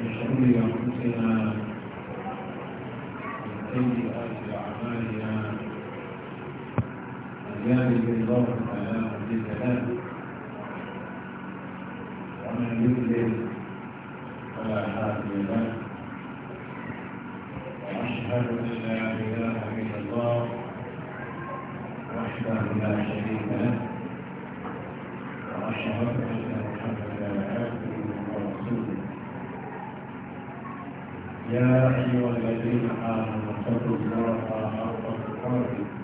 من أنفسنا من سيئات أعمالنا من يهده فلا مضل له ومن يضلل فلا هادي له وأشهد أن لا إله إلا الله وحده لا شريك له وأشهد أن يا أيها الذين آمنوا اتقوا الله حق تقاته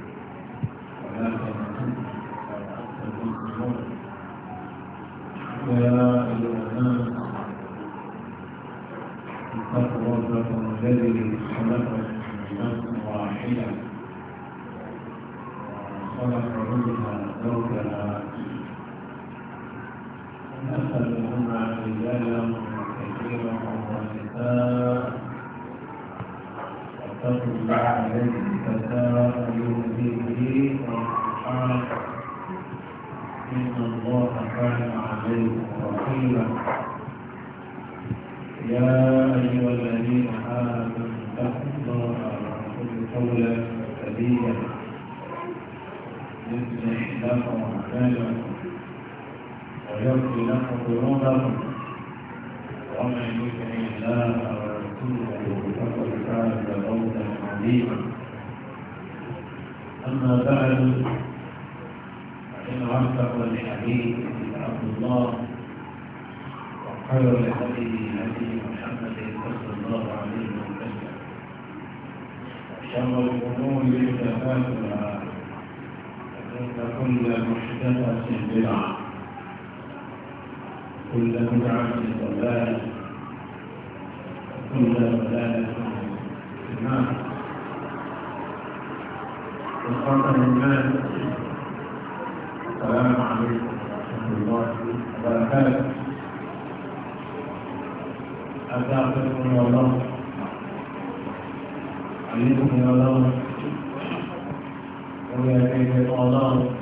أعمالكم ويغفر لكم ذنوبكم ومن يطع الله ورسوله فقد فاز موتا عظيما أما بعد فإن أصدق الحديث عبد الله وخير الهدي نبي محمد صلى الله عليه وسلم وشر الأمور محدثاتها البدعة كل بدعة ضلالة كل ضلالة في النار من الناس السلام عليكم ورحمة الله وبركاته أتاكم يا الله عليكم يا الله ويا كيف الله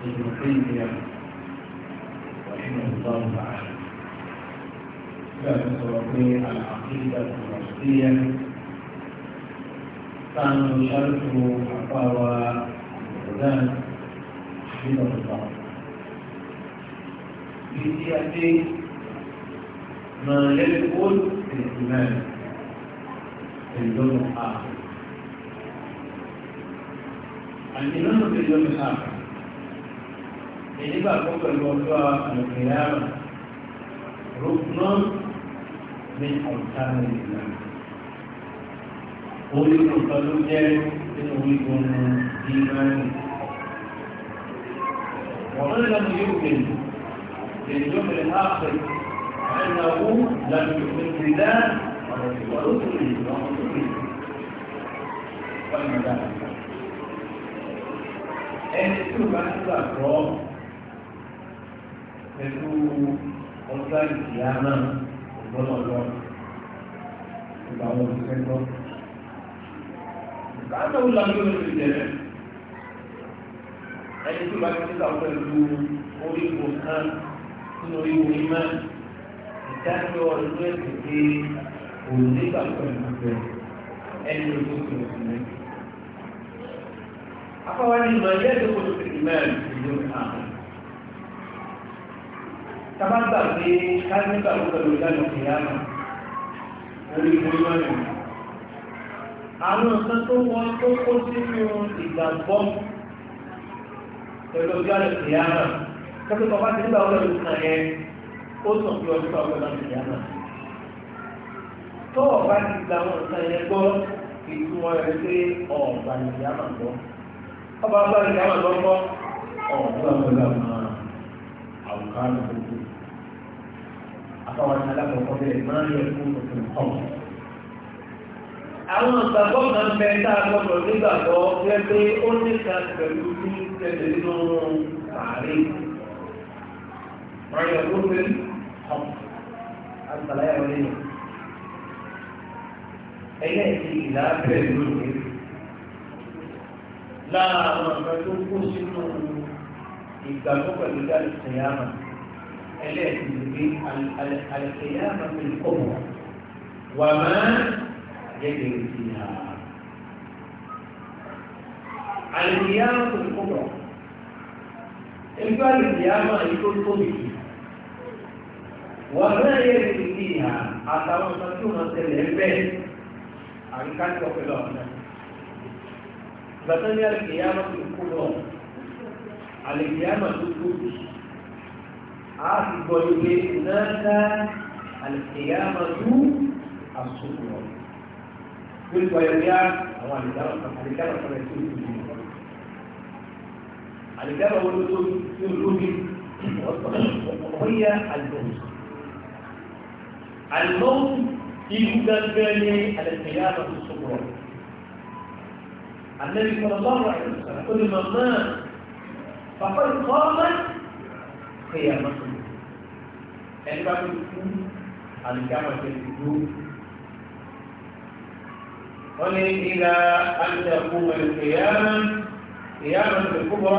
ابن يعني. تيمية رحمه الله تعالى كان سوقي العقيدة الرشدية كان شرح فتاوى الغزال حفظه الله في سياسة ما يلفت الاهتمام في اليوم الآخر الإمام في اليوم الآخر ìdígbà tó pẹ̀lú ọjọ́ àlùkìyàmà rúkúnán ní ọ̀tá nàìjíríà orígun kan ló jẹ́ nínú orígun ìmáàlì wọ́n lọ́nà yóò gbèrú لليوم الآخر أنه لم يؤمن بالله ورسله ورسله وإن ذلك ẹni tí ó bá ń gbàgbọ́ pẹ̀lú ọjọ́ ìyá náà ọgbọ́dọ̀ lọ ìgbà wọn ò fẹ́ gbọ́. Káàtó wúlò àti olóòtú ìjẹ̀lẹ̀. Ẹni tó bá ti ti kàwé pẹ̀lú oríwo kan nínú oríwo imá. Ìdájọ́ ìlú ẹ̀sìn pé òun nígbà pẹ̀lú rẹ̀ ẹni tó ti rẹ̀ sílẹ̀. Afọwọ́ ni ìmọ̀ ẹ̀yẹ́ tó ti sábà gbà pé kánífà ló pẹ̀lú ìdájọ́ ìyáàmà orí ìwé lọ́yìn àwọn nǹkan tó wọ́n tó kó sínú ìgbàgbọ́ pẹ̀lú ìdájọ́ ìyáàmà kẹ́kẹ́ tó bá ti gbà wọ́n lọ́dún kan yẹn ó sàn fún ọdún tó wọ́n lọ́dún ìyáàmà tó ọ̀bá ti gba àwọn nǹkan yẹn gbọ́ أخوانا لكم قبل ما يكون في القول àwọn àgbàgbọ́ kan bẹ tá a gbọ́dọ̀ nígbàgbọ́ jẹ́ pé ó níta pẹ̀lú ní tẹ̀lé nínú ààrẹ ọ̀rẹ́ tó fẹ́ ọ̀pọ̀ àtàlàyé ọ̀rẹ́ yìí ẹlẹ́ẹ̀kì ìlà pẹ̀lú rẹ̀ láàárọ̀ ọ̀rẹ́ tó kó sínú ìgbàgbọ́ pẹ̀lú dáàbò tẹ̀yàmà. ẹlẹ́ẹ̀kì àlẹ́kẹ̀yà ìkọ̀wọ̀ wà máa yẹ̀dẹ̀ ìsìnà àlẹ́kẹ̀yà ìkọ̀wọ̀ ẹgbẹ́ àlẹ́kẹ̀yà máa ní tó tóbi wà máa yẹ̀dẹ̀ ìsìnà àtàwọn ọmọ tí wọ́n tẹ̀lé ẹgbẹ́ àríkájọ pẹ̀lú ọ̀nà ìgbàtọ́ ní àlẹ́kẹ̀yà ìkọ̀wọ̀ àlẹ́kẹ̀yà máa tó tóbi àgbọ̀ ìwé náà àlùkìyàmọ̀ tó àsopọ̀ gbogbo ẹ̀yà àwọn àlùkàrọ̀ àlùkàrọ̀ kan ẹ̀ tó tóbi àlùkàrọ̀ wọn tó tóbi ọ̀pọ̀yà àlùkàrọ̀ àlùkàrọ̀ ìlú gángan ní àlùkìyàmọ̀ tó sopọ̀ النبي صلى الله عليه وسلم كل من مات فقد قامت kéèyàn náà tó ẹni bá tó kú àlùkámọ̀ tó ti dúró. wọ́n ní ìlà àlùkò mẹ́rin kéèyàn kéèyàn náà tó kú bọ́.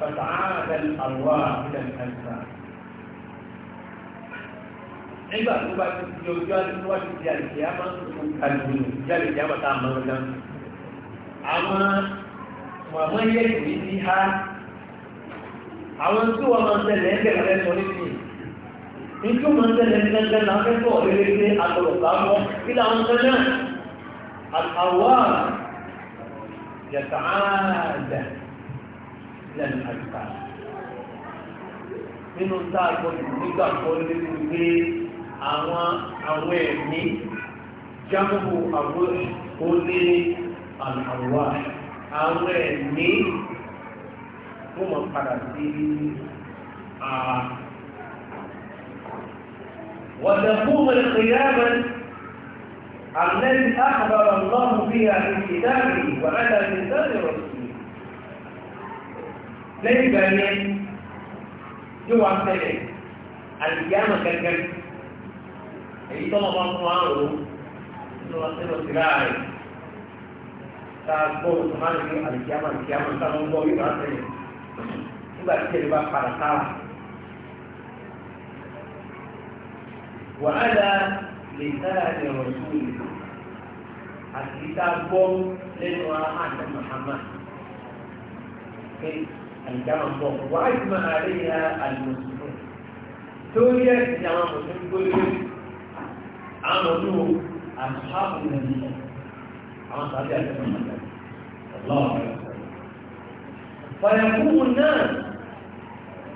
فتعاد الأرواح إلى الأجساد nígbà tó bá ti di ojú àdúgbò wá ti di àlùkìyà máa ń tún kàlùkù ní àlùkìyà máa tá a máa ń àwọn màmá yẹ ìwé ní ha àwọn tí wọ́n máa ń tẹ̀lé ẹgbẹ́ rẹ̀ sọ níbi nítorí wọ́n máa ń tẹ̀lé ẹgbẹ́ náà fẹ́fọ́ lélégbé àtọ̀lọ̀gbà mọ́ kí làwọn kan náà àtàwà yàtà áàdà lẹ́nu àyíká nínú tá a gbọ́ nígbàgbọ́ lórí pé àwọn àwọn ẹ̀mí jámọ́ àwọn òní àtàwà àwọn ẹ̀mí. wọ́n mọ̀ padà sí وتقوم القيامة التي أخبر الله فيها في كتابه وعلى لسان رسوله lẹ́yìn ìgbà yẹn yóò wá ṣẹlẹ̀ àlìyáàmà gẹ́gẹ́ èyí tọ́lọ̀ bá fún wa rò nínú ọ̀sẹ̀lọ̀ sí láàrin tá a gbọ́ oṣù márùn-ún àlìyáàmà àlìyáàmà tá a lọ gbọ́ yóò wá ṣẹlẹ̀ nígbà tí ẹ̀rí bá padà sára. wàhálà lè sára ní ọ̀rọ̀ tó yẹ àti ìta gbọ́ lẹ́nu àná Muhammad pé àìjáwọ̀ bọ̀ wàá ìgbìmọ̀ àárẹ̀ yà àlùmọ̀sùnmọ̀ torí ẹ̀ ti àwọn mùsùlùmí gbólóyè àwọn ọdún àṣàbù nàìjíríà àwọn sàbí àti Muhammad lọ́wọ́. فيقوم الناس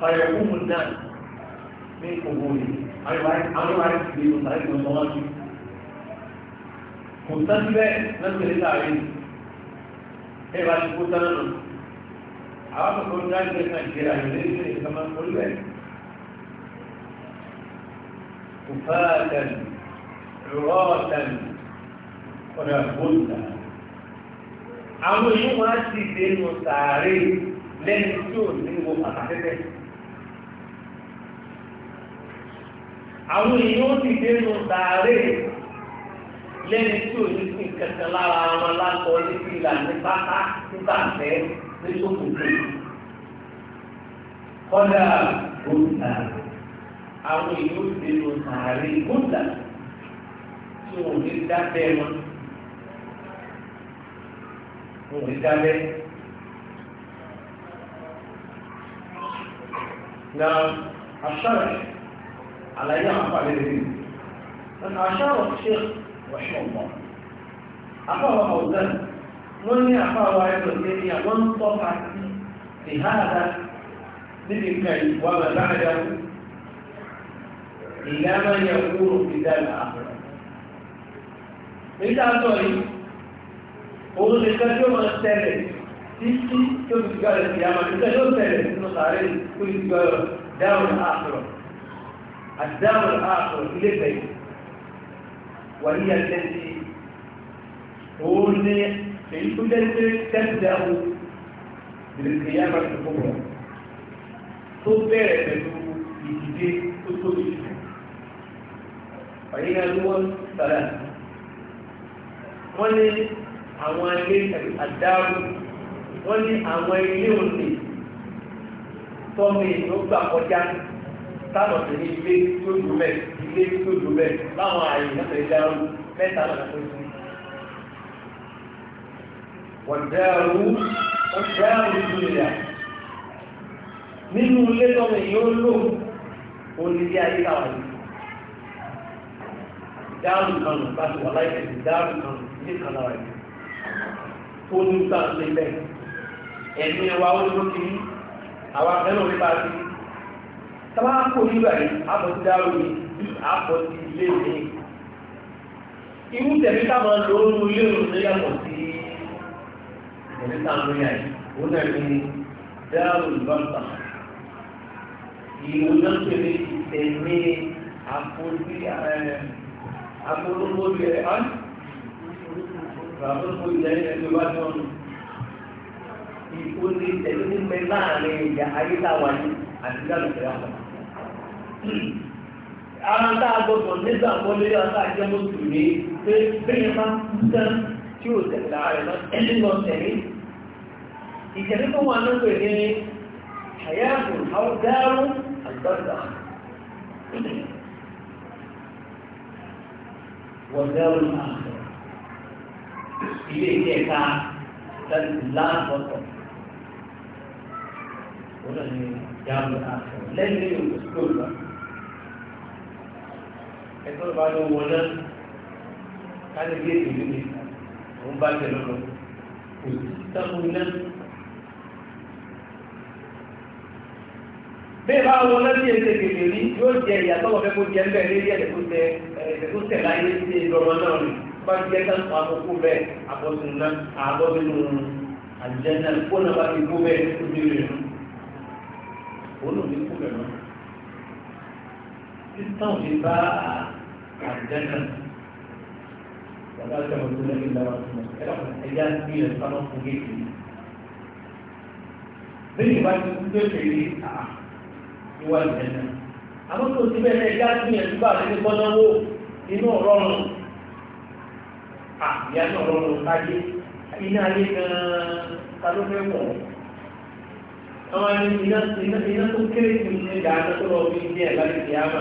فيقوم الناس من قبوله إيه أنا ما عايز بيه مصاريك من صلاتي كنت سبع نفس اللي تعليم هي بعد كنت أنا من عارف كل جاي بيتنا كتير أهل ليش كمان كل بيت كفاتا عراة ونبوتا أمو يوم أسي دين مستعري لن يكون من àwọn èèyàn ti dénú sàárè lẹ́ni tí ò ní sí kẹ̀kẹ́ lára wọn látọ̀ níbi ìlànà pátá nígbà fẹ́ ní sókòtò kọ́dà gbòǹdà àwọn èèyàn ti dénú sàárè gbòǹdà tí ò ní dábẹ́ wọn ò ní dábẹ́. Now, I'm sorry. على أي عقل الدين أن أشار الشيخ رحمه الله أخاه أوزان من أخاه ابن الدنيا من طفع في هذا بالإمكان وما بعده إلا من يكون في ذلك الآخرة إذا أتوني قولوا لكي يوم الثالث títí كم fi gbára sí àmà nígbà yóò bẹ̀rẹ̀ nínú sàárè tó fi الدار الآخر لبي وهي التي قلنا في الكتب تبدأ بالقيامة الكبرى تبدأ بالكتب تكتب فهي دول ثلاثة wọ́n ní àwọn ilé àdáàrú wọ́n ní àwọn ilé òní tọ́mì ló gbà kọjá sáànà tó ní ilé tó dùn mẹ́ ilé tó dùn mẹ́ láwọn ààyè náà lè dá ọrùn mẹ́ta náà tó dùn. wọ́n dá ọrùn wọ́n dá ọrùn tó lè yà nínú ilé lọ́wọ́ èyí ó lò onílé ayé làwọn yìí dáàrú kan nù láti wà láì tẹ̀lé dáàrú kan nù ní kan lára yìí tó ní sáà lé bẹ́ẹ̀ ẹ̀mí wa ó ló kiri àwa fẹ́ràn orí bá ti tàbá kò nígbà yìí àpọ̀tí dáró ní àpọ̀tí ilé ní irú tẹ̀lé táwọn lóòrùn ilé òun ní yàtọ̀ sí tẹ̀lé táwọn yà yìí òun náà ní dáró ìbáta ìwò náà tẹ̀lé ìtẹ̀lé àpòtí àpòlógbò rẹ̀ á àpòlógbò rẹ̀ ẹgbẹ́ wá tán ìwò ní tẹ̀lé ní mẹ́ láàrin ìyá ayé táwa àti dáàbò tẹ̀lé àpapọ̀ ara tá a gbọdọ̀ nígbà wọlé ọ̀tá jẹ́ mùsùlùmí pé bẹ́ẹ̀ máa ń tán tí ó tẹ̀lé ara rẹ̀ náà ẹni lọ tẹ̀lé ìtẹ̀lé tó wà lóko ní àyàbò àwọn gáárù àgbàdà wọ́n gáárù náà ilé ilé ẹ̀ka láti ní gáárù náà lẹ́yìn ẹ̀tọ́ bá ló wọ náà káni bí èdè lóde òun bá tẹ̀ lọ́nà kò sí sáfún iná. bẹ́ẹ̀ bá wọ náà bí èdè kèké rí yóò jẹ ìyàtọ̀ ọ̀fẹ́ kó jẹ ńbẹ̀ lórí ẹ̀dẹ̀ tó tẹ ẹ̀dẹ̀ tó tẹ̀ láyé sí ìdọ̀mọ náà rè bá jẹ́ ká sọ àkókò bẹ́ẹ̀ àbọ̀sùn náà àbọ̀sùn àjẹ́ náà kó náà bá ti kó bẹ́ẹ̀ tó dé rè nù olóòdì kú bẹ̀rẹ̀ títàn lè bá àjẹ́nà bàbá àjọmọ̀ tó lẹ́yìn ìlànà ọ̀tún ẹ̀rọ ẹ̀yà sí ilẹ̀ sábà fún géèkì yìí. lẹ́yìn ìbá ti kú pépè rí à níwá ìjẹ́nà. àwọn tó ti bẹ́ẹ̀ ẹ̀yà sí ilẹ̀ tó bá àti ní bọ́dáwó inú ọ̀rọ̀rùn à ìyá ní ọ̀rọ̀rùn káyé iná ayé gan-an ta ló fẹ́ wọ̀ àwọn iná iná tó kéré jù ní ìdáná tó lọ bí ilé ẹ̀ láti fi á mà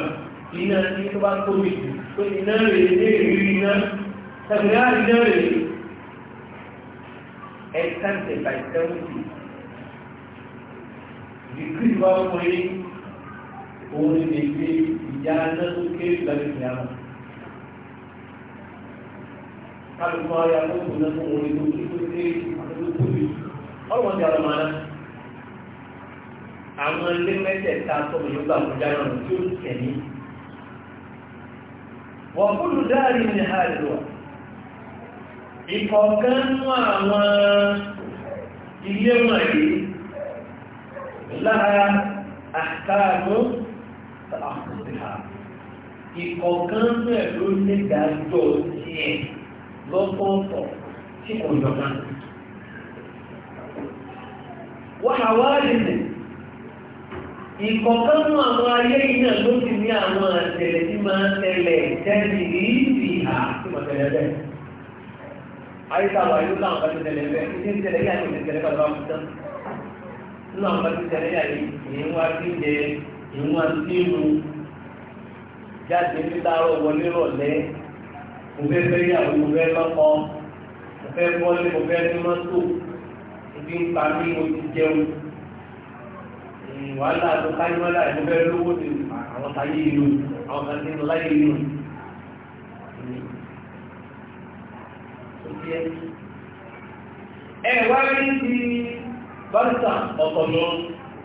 iná tí tó bá tóbi jù pé iná rèé ní ìrírí iná tàbí láàrin iná rèé extended by seventy ìdíkì bá wọ́n rí òun lè gbé ìyá náà tó kéré lálẹ́ ìyá náà kálukú ayé akókò náà fún òun lè tó tó kéré àtúntò tóbi ọlọ́wọ́n ti àlọ́ máa náà àwọn ilé mẹ́tẹ̀ẹ̀ta tó yóò gbà fún jáde tí ó tẹ̀lé wọ́n kúrò dáàrí ní àìlò ìkọ̀ọ̀kan mú àwọn ilé wọ̀nyí lára àtàrò àkùnbíhà ìkọ̀ọ̀kan mú ẹ̀lú nígbàjọ́ sí ẹ̀ lọ́pọ̀ọ̀pọ̀ tí kò yọ̀kan wọ́n àwárí nìí ìkọ̀kan mú àwọn ayé iná ló ti ní àwọn àtẹ̀lẹ̀ tí máa ń tẹ̀lẹ̀ tẹ́lẹ̀ ní ìfì hà tí mo tẹ̀lẹ̀ bẹ́ẹ̀. ayé tá a wà yóò láwọn bá ti tẹ̀lẹ̀ bẹ́ẹ̀ ní ti tẹ̀lẹ̀ yàtọ̀ ti tẹ̀lẹ̀ bàbá mi tán. nínú àwọn bá ti tẹ̀lẹ̀ yàtọ̀ ìyẹn wá sí jẹ ìyẹn wá sí mu jáde ní wàhálà tó táyé mọ́lá ẹ̀ lówó ni àwọn táyé inú àwọn kan ń láyé inú. ẹ rí ti báńtà ọ̀tọ̀ lọ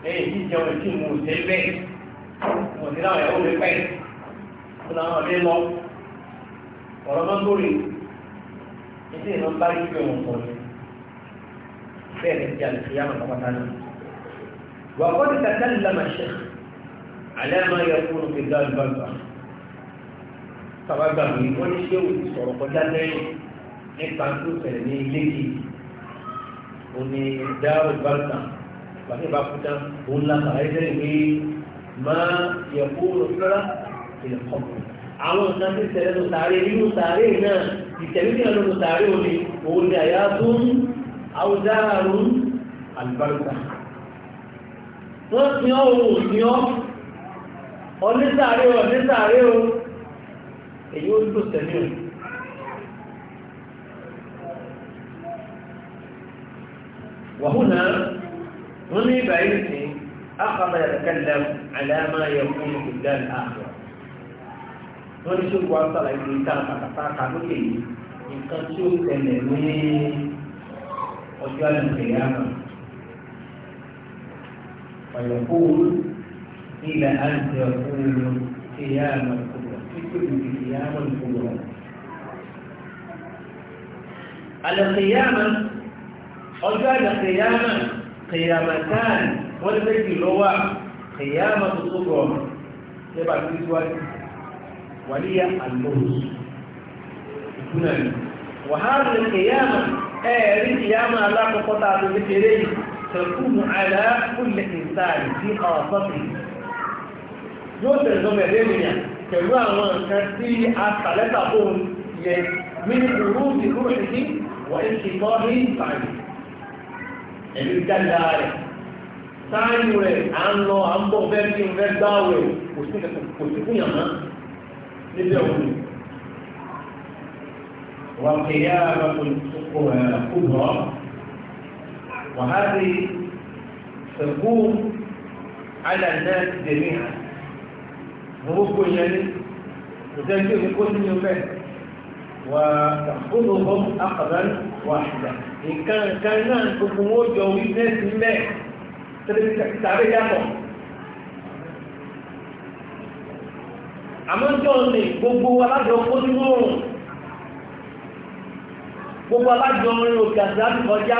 ẹ̀yìn tí ìjẹun ẹ̀ tí ṣe bẹ́ẹ̀ mo ti láwọn ẹ̀wọ́ pẹ́ mo làwọn lọ ọ̀rọ̀ bá pé wọ́n bẹ́ẹ̀ ni ti àlùfíà mọ̀ náà. وقد تكلم الشيخ على ما يكون في ذا البلبع tàbágbà mi wọ́n ní ṣé òun sọ̀rọ̀ kọjá lẹ́yìn nípa tó ṣẹlẹ̀ ní lẹ́kì òní dáhùn bàtà bàtà bá kú tán òun la kàrà ẹgbẹ́ ìwé máa yẹ kó lọ́sọ́rọ́ ìlẹ̀ kọ́kọ́. àwọn nǹkan tí ṣẹlẹ̀ ló sàárè nínú sàárè náà ìtẹ̀lé ní ọdún sàárè òní òun ni àyà tó ń àwùjá àrùn àlùbáríkà wọ́n ti ọ́ òun ní ọ́ ọ̀nísàárẹ́ ọ̀nísàárẹ́ o èyí ó tó tẹ̀lé o wàhùnà wọ́n ní ìbà yìí sí akọ̀lá ìrẹ̀kẹ́lẹ̀ àdáyàmá yẹ̀kún ìgbà ààrẹ wọ́n ní ṣùgbọ́n àtàlà ìgbè tá àkàtàkà yìí nǹkan tí ó tẹ̀lé ní ọjọ́ àlùkè yàrá فيقول إلى أن يقول قيام الكبرى فكر بقيام الكبرى القيامة أرجع القيامة قيامتان ولذلك هو قيامة القدرة يبقى في ولي المرز وهذه القيامة أي قيامة لا تقطع بمثل تكون على كل إنسان في خاصته yóò tẹ̀lé ọmọ ẹ̀dẹ́ ènìyàn pẹ̀lú àwọn nǹkan tí a tàlẹ́tà fóun yẹ nínú ìrú ìrú ìdí wọ́n ń ṣe gbọ́ ní ìbàdí ẹ̀mí dáadáa rẹ̀ sááyù rẹ̀ à ń lọ à ń bọ̀ bẹ́ẹ̀ kí n fẹ́ gbá rẹ̀ kò sí fún yàrá níbẹ̀ òun wà kéèyàn àwọn olùkọ́ kó bọ̀ وهذه تقوم على الناس جميعا ظروف يعني تزكي كل يومين وتأخذهم أخذا واحدا إن كان كان الأمور جوية ما تعرفها àmọ́jọ́ ni gbogbo alájọ kójúmọ́ gbogbo alájọ orin òkè àti láti kọjá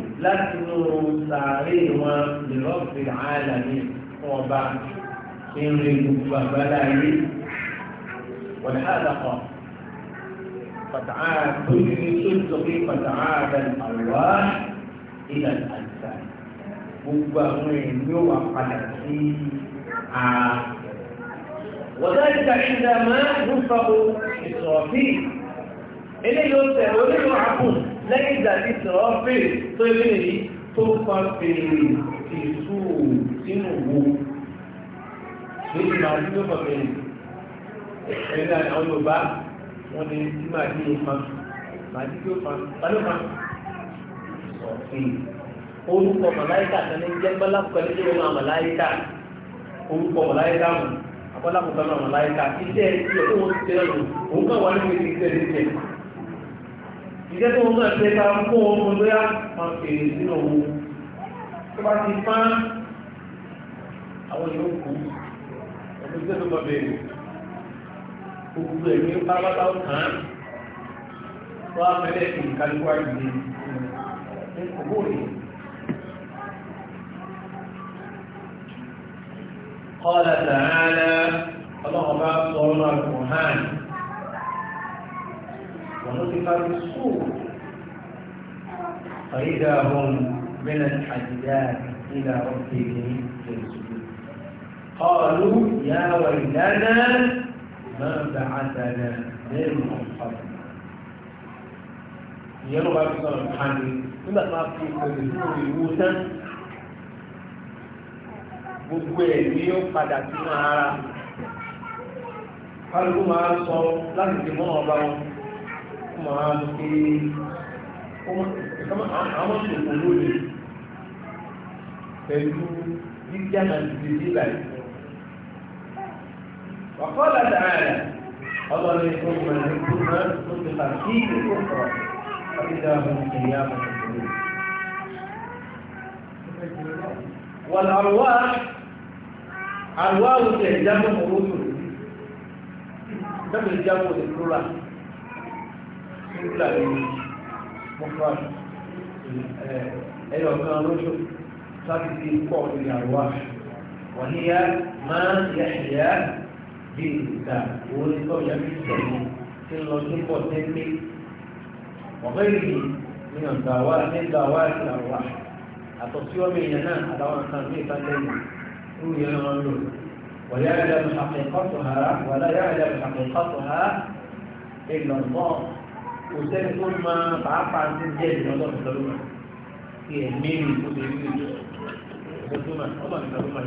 láti inú sàárè wọn lèrọ́ọ̀fì àlàní fún ọba tí ń rí gbogbo àgbàlá ayé wọ́n ní àdàkọ̀ pàtàkì tó ní ní tó ń sọ pé pàtàkì àwọ̀ ìlà àjà gbogbo àwọn èèyàn yóò wà padà sí ààrẹ. وذلك عندما ينفق إسرافيل إليه يوسف وإليه يعقوب lẹ́yìn ìgbà tí sọ̀rọ̀ bèèrè tó ilé yìí tó fa bèèrè ìṣù sínú wo lórí màá tí ló fa ní tí màá tí fa tí ló fa ta ló fa ọ̀sìn orúkọ màláìkà tẹ́lẹ̀ ń jẹ́ pẹ́lápẹ́lẹ́ máa màláìkà orúkọ màláìkà mọ̀ apẹ́lápẹ́lẹ́ màláìkà iṣẹ́ ìṣẹ́ tó wọ́n ti tẹ́lẹ̀ ìjẹ́ tó ń náà ṣe ta fún ohun ọmọ lóyá ma fèrè sínú ohun tó bá ti fán àwọn yóò kú ẹni tó tó máa bèèrè قال تعالى الله أكبر سورة القرآن ونفخ بالصور فإذا هم من الحجاج إلى ربهم ينسجون قالوا يا ويلنا من بعثنا منهم قبل يلغى بصر الحديث إلا ما في كذبه يوسف gbogbo ẹ ni yóò máa ń pé àwọn ṣòfò lónìí pẹ̀lú jíjá náà ti di nílà ìfún. Wàkọ́lá dáadáa, ọlọ́run ní fún ìmọ̀ ní kú náà tó ti fà kí ìlú kọ̀ àbídá ọmọ ìyá ọmọ ìṣòro. Wọ́n àrùwá àrùwá òṣèlú jábọ̀ mọ́ wọ́n tó lè jábọ̀ lè sílà ní mọ́fàá ẹ̀yọ̀ kan lóṣù láti fi pọ̀ ìyàwó wọ́n ní yá máa ń yẹ ẹ̀yà bí ìgbà owó ní tọ́ ìyá bí tẹ̀lé tí ń lọ sí pọ̀ tẹ́lẹ̀ ọ̀gá ìlú ní ọ̀gá wa ní ọ̀gá wa ti àwà àtọ̀sí ọmọ èèyàn náà àtàwọn nǹkan ní ìtàlẹ́yìn ń yẹn wọn lò ويعلم حقيقتها ولا يعلم حقيقتها إلا الله kò sẹ́ni tó mọ pàápàá ti jẹ́ ìjọba ìjọba kí ẹ̀ mẹ́rin tó lè rí ìjọba ìjọba ìjọba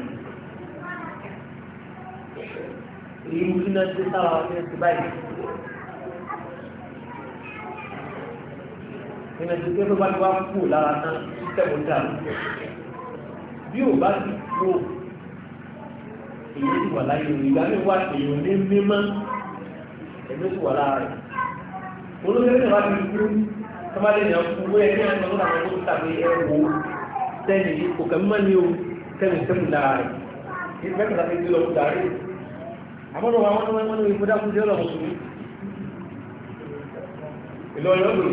èyí ń kíná sí sára ọdún ẹsẹ báyìí kíná sí pé tó bá ti wá kú lára tán tẹ̀wọ́ dà bí ò bá ti kú èyí ti wà láyé ìgbà mi wá èyí ò ní mímọ́ ẹ̀mí ti wà lára olóṣèlú náà bá ti kú tọ́mọdé náà kú wọ́n yẹ kí wọ́n tọ́jú àwọn tó tàbí ẹ̀wọ̀ sẹ́yìn yìí kò kẹ́ mọ́ ní o sẹ́yìn sẹ́yìn dára rẹ̀ mẹ́ta tàbí ìdílé ọkọ̀ dára rẹ̀ àmọ́dọ̀ wọn wọ́n wọ́n ní ìfọ́dá fún jẹ́rọ̀ mùsùlùmí ìlọrin ọdún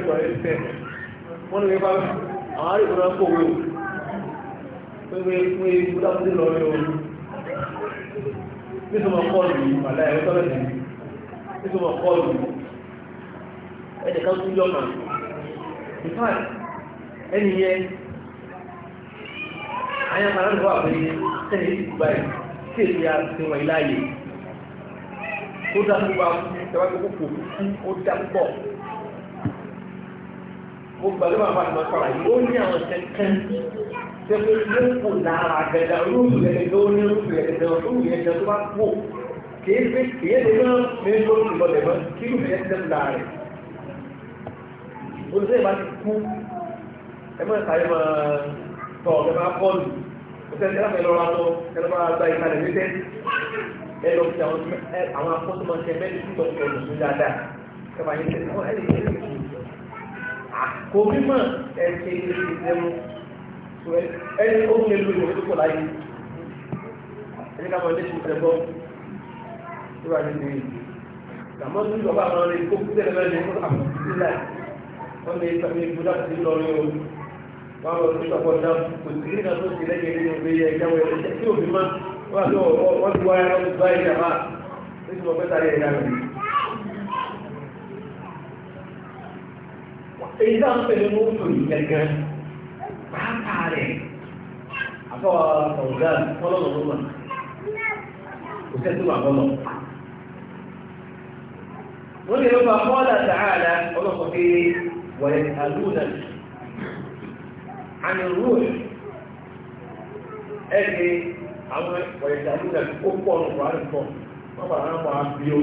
ìlọrin tẹ wọ́n ní wípé àwọn arìnrìn náà kò wé o pé pé ẹnìkan tún yọ màá in fact ẹni yẹn àyà kan láti wà pé sẹ́yìn ti gbà ẹ̀ sí èdè àti wọn ìláyè tó dá tó bá kú ìjọba tó kò kú ó dá púpọ̀ mo gbàgbé bàbá àti máa sọ̀rọ̀ yìí ó ní àwọn kẹ̀kẹ́ tẹ́lẹ̀ ló kò lára gẹ̀dà rúùlù yẹn ló ní rúùlù yẹn lọ rúùlù yẹn lọ tó bá kú kìí fi kìí lè náà ní lórí ìlọlẹ̀ kí olùsẹ́ ìbá ti kú ẹmọ́ ìsàlẹ̀ máa tọ̀ ọ̀gẹ́ máa kọ́ lù òṣèlú ẹ̀rọ ẹ̀rọ wa lọ ẹ̀rọ máa gba ìsàlẹ̀ lẹ́tẹ̀ ẹ̀rọ fi àwọn àwọn akọ́tún máa ṣe mẹ́rin tó tọ̀ lùsùn dáadáa kẹfà yẹn tẹ̀lé wọn ẹ̀rì ẹ̀rì kù kò rí mọ̀ ẹ̀ṣẹ̀ ìlẹ̀mú ẹni wọ́n lè sọ pé ìbúdá ti lọ rí o wọ́n lọ sí ọ̀pọ̀ dá kò sí ní ìdá tó ti lẹ́yìn nínú ilé yẹ ìjáwé ẹ̀ṣẹ̀ tí òbí má wọ́n lọ wọ́n ti wáyé lọ́dún bá ìjà máa ní ti mọ̀ pé sáré ẹ̀dá rẹ̀. èyí dáhùn pẹ̀lú mọ́tò ìgbẹ̀gẹ̀ pàápàá rẹ̀ àfọwọ́ ọ̀gá ọlọ́run ló mà kò sẹ́tù àbọ̀lọ̀ wọ́n lè lọ́ba kọ́ọ̀dà sàárà ويسألونك عن الروح ẹ̀kẹ́ àwọn ويسألونك ó pọ̀ ọ̀pọ̀ àrùkọ́ wọ́n bá wọn wà bí ó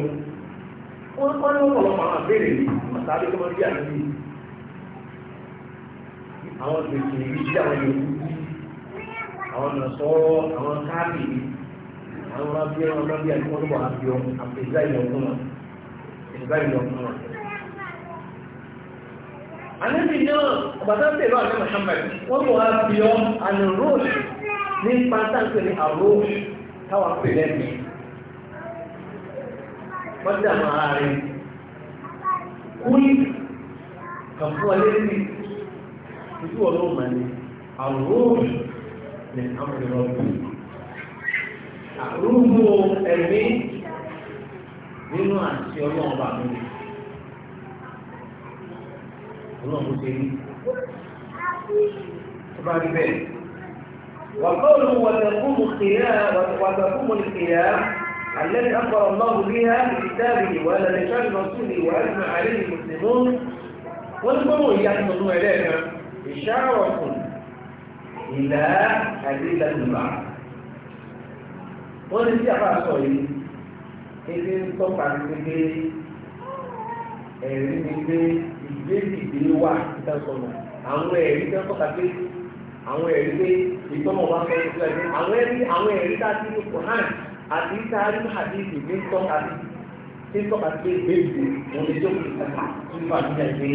wọ́n kọ́ ní ọ̀pọ̀lọpọ̀ àwọn àbẹ̀rẹ̀ yìí àtàbí ọmọ bí àti àwọn gbèsè yìí tí àwọn yòókù àwọn nàṣọ́rọ́ àwọn káàbì àwọn abíyẹ́ bí àti wọ́n bá bí ó àpèjá ìlọ́kùnrin àníbi náà ọ̀bàtàbí ìlú àti Muhammad wọ́n mọ̀ á fi ọ́ àlùrúùsì ní pàtàkì ní àrùsì táwọn pè lẹ́bi wọ́n dà máa rí kúlì kan fún ọlẹ́bí ojú ọlọ́run mà ní àrùsì ní àmúlọ́bù àrùsì ẹ̀mí nínú àti ọlọ́run bàbá mi. ọlọ́run kò ṣe rí ó bá rí وقوله وتقوم القيام وتقوم القيام الذي أخبر الله بها في كتابه ولا لشان رسوله وأجمع عليه المسلمون والقوم إياكم من إليك إشارة إلى أدلة البعض wọ́n lè tí a bá sọ yìí ebi ń tọ́ka ní pé ẹ̀rí ni bẹ́ẹ̀ni ìdílé wà níta sọnù àwọn ẹ̀rí tẹ́ sọ́ka pé àwọn ẹ̀rí pé ìtọ́mọ̀ wa sọ ìtura ẹ̀rí àwọn ẹ̀rí àwọn ẹ̀rí tá a ti ní Quran àti tá a ní hadith ní sọ́ka ní sọ́ka pé bẹ́ẹ̀ni wọn lè jókòó ìtàkà nínú àdúrà ìgbé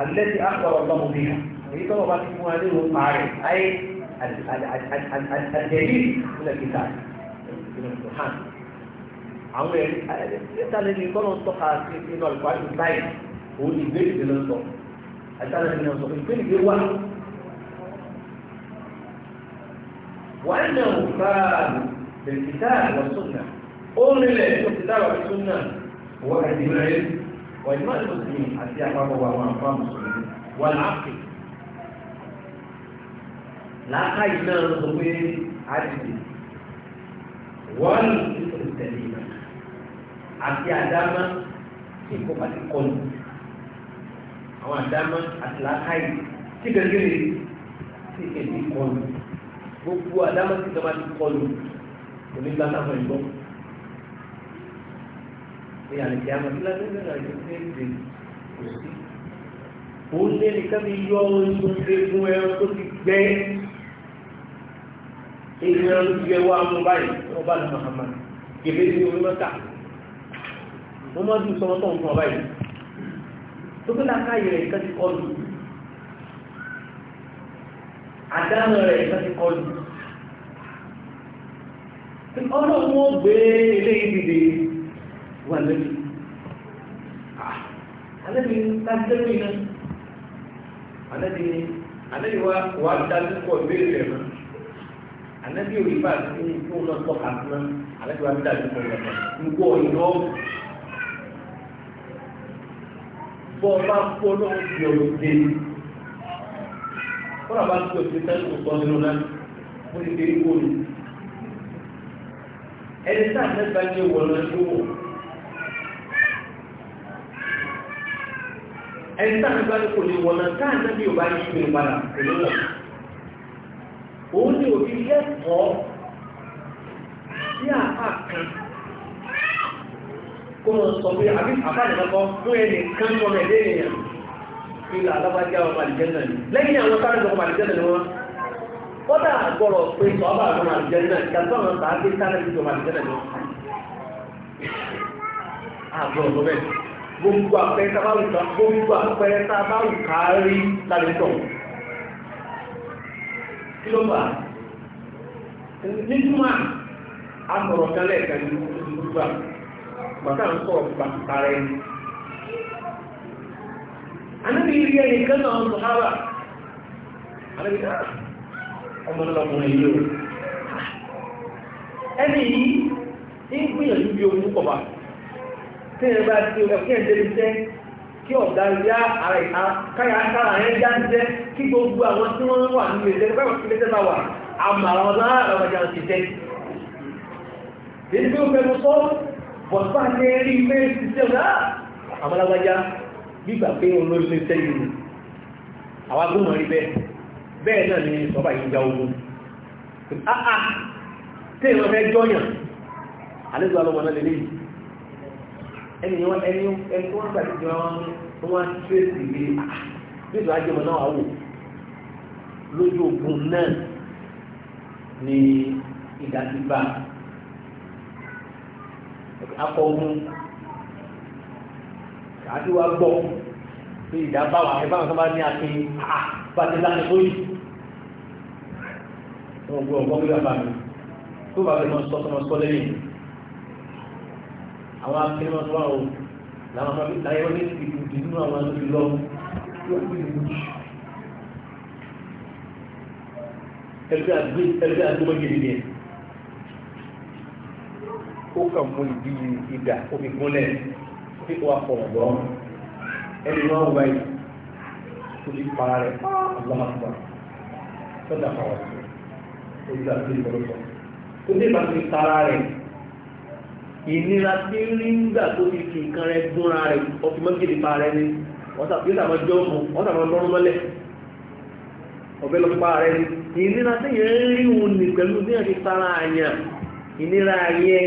alẹ́ ti àpò àwọn ọ̀gá òbí rẹ̀ èyí tọ́mọ̀ bá ti fún wa nínú parí ayé àjẹ̀lí ìpínlẹ̀ kíkà ìpínlẹ̀ Quran àwọn ẹ̀rí òun ni ìgbé ìgbé ló sọ àtàlẹ ìgbé ló sọ ìgbé ìgbé wà. wàá nà ó fáàlù bẹ̀rẹ̀kìtà àwọn súnà ó nílẹ̀ ìgbòkìtà àwọn súnà wọ́n àti ìrẹ́ wọ́n ìmọ̀ ìmọ̀sílẹ̀ àti àpapọ̀ àwọn àpá mùsùlùmí wọ́n láàpì. láàká yìí náà ló sọ pé àdìdì wọ́n ní ìfòsìtẹ̀lẹ̀ àti àdámá tí ìkọ́pàá ti kọ́ nù àwọn àdámọ́ àti làákàyè tí gẹ́gẹ́ rẹ̀ sí èdè kọlù gbogbo àdámọ́ tí ìjọba ti kọlù onígbà táwọn ìgbọ́ ní àlejò àmọ́ tí lábẹ́ ìgbà ìjọba ti ń dè kò sí. òun ní ẹnìkan ti yọ ohun tó ń egun ẹran tó ti gbẹ ènìyàn ló gbé wá mú báyìí wọn bá ní Muhammad kébé ní orí mọ́ta wọn má dùn sọmọtọ̀ nǹkan báyìí tó kí láká yẹ nǹkan ti kọlù àdáhùn rẹ̀ nǹkan ti kọlù ọlọ́run ó gbé ilé ìdìde wà lẹ́nu alẹ́bi lásìlẹ́nu iná alẹ́bi alẹ́bi wa wà á dájú pọ̀ ìbéèrè rẹ̀ mọ́ alẹ́bi òyìnbá àti ìfowópamọ́ tọ́ka sí mọ́ alẹ́bi wa dájú pọ̀ ìbéèrè rẹ̀ mọ́ nǹkó ọ̀yìn náà. bọ́ ọba polówó fi ọ̀rọ̀ dé kọ́nà bá ń pè ọ̀sẹ̀ sẹ́yìn kò sọ nínú náà mo ti tẹ̀lé kóòlù ẹni tí àtẹ́gbà ń yẹ wọ̀ náà ló wọ̀ ẹni tí àtẹ́gbà ń kò lè wọ̀ náà káà náà bí ọba yìí pè padà kò lè wọ̀ òun ni òbí yẹ kọ́ sí àpá kan kó mọ̀ sọ pé àbí àbájáde fún ẹni kan mọ́ ẹ̀dẹ́ èèyàn ìlà alábájá ọmọ àlìjẹ́nà ni lẹ́yìn àwọn sáré ọmọ àlìjẹ́nà ni wọ́n kọ́dà gbọ́rọ̀ pé sọ́ọ́bà ọmọ àlìjẹ́nà yàtọ̀ àwọn sàáké sáré ọmọ àlìjẹ́nà ni wọ́n àbọ̀ ọmọ bẹ́ẹ̀ gbogbo àpẹẹrẹ tábàlù kan gbogbo àpẹẹrẹ tábàlù kárí lálẹ́tọ̀ kí ló bá nígbà àtọ̀rọ̀ kan lẹ́ẹ̀kan ní gbogbo bàtà ń sọ̀rọ̀ nípa tara ẹni. Anábì rí ẹni kan náà ń sọ̀hábà. Anábì náà ah, ọmọ náà lọkùnrin yìí o. Ẹni yìí ń gbìyànjú bí ohun pọ̀pà. Tí ẹ bá ti ọkẹ́ ẹ̀dẹ́rì jẹ́ kí ọ̀gá yá ara ìta káyà kára ẹ̀ já ń jẹ́ kí gbogbo àwọn tí wọ́n wà nínú ilé ẹgbẹ́ òkú lẹ́sẹ̀ bá wà àmàlà ọ̀dọ́ àwọn ọjà ń ṣiṣẹ́. Èyí tí ó fẹ́ mú sọ́ọ́ bọ̀tá ní rí pé ṣiṣẹ́ náà àwọn alágbájá gbígbà pé olórí lè tẹ́ ìlú àwọn agbóhùn rí bẹ́ẹ̀ bẹ́ẹ̀ náà ni sọ́bà yìí já ogun áá ah, ah, tí ìwọ̀n fẹ́ jọyàn àlejò alọ́mọ náà lélẹ́yìn ẹni wọn ẹni ẹni tí wọ́n gbàdúgbò wọn tó wọ́n tú èsì lé nígbà ni ìdásíbà akọ ohun àti wa gbọ́ pé ìdá báwọn àti báwọn sábà ní àti àbájẹ ah, láti tó yìí wọn gbọ́ ọgbọ́n gbígbà bá mi tó bá fi mọ sọ fún ọ sọ lẹ́yìn àwọn akéwì wọn sọ wọn o làwọn ọmọ bíi táyé wọn ní ìdìbò nínú àwọn ọmọ lọ yóò kú ìdìbò jù ẹgbẹ́ àdúgbò ẹgbẹ́ àdúgbò gidi ni ó kàn mú ibi ìdà omi gúnlẹ̀ tí ó wà pọ̀ lọ́ ẹni wọn wọ báyìí tó ti pa rẹ̀ ọlọ́mọdé sọ́dà pàwọ́ sí i ó ti àti ìfọ̀rọ̀sọ. tó dé bá ti tara rẹ̀ ìnira tí ń rí nígbà tó ti fi nǹkan rẹ̀ gúnra rẹ̀ ọtí mọ́gìdì pa rẹ̀ ni wọ́n sàmọ́ jọ́ fún wọ́n sàmọ́ lọ́rùn mọ́lẹ̀ ọ̀bẹ́ lọ pa rẹ̀ ni ìnira tí yẹn ń rí òun ní pẹ̀lú bí wọ́n ti tara àyàn ìnira yẹn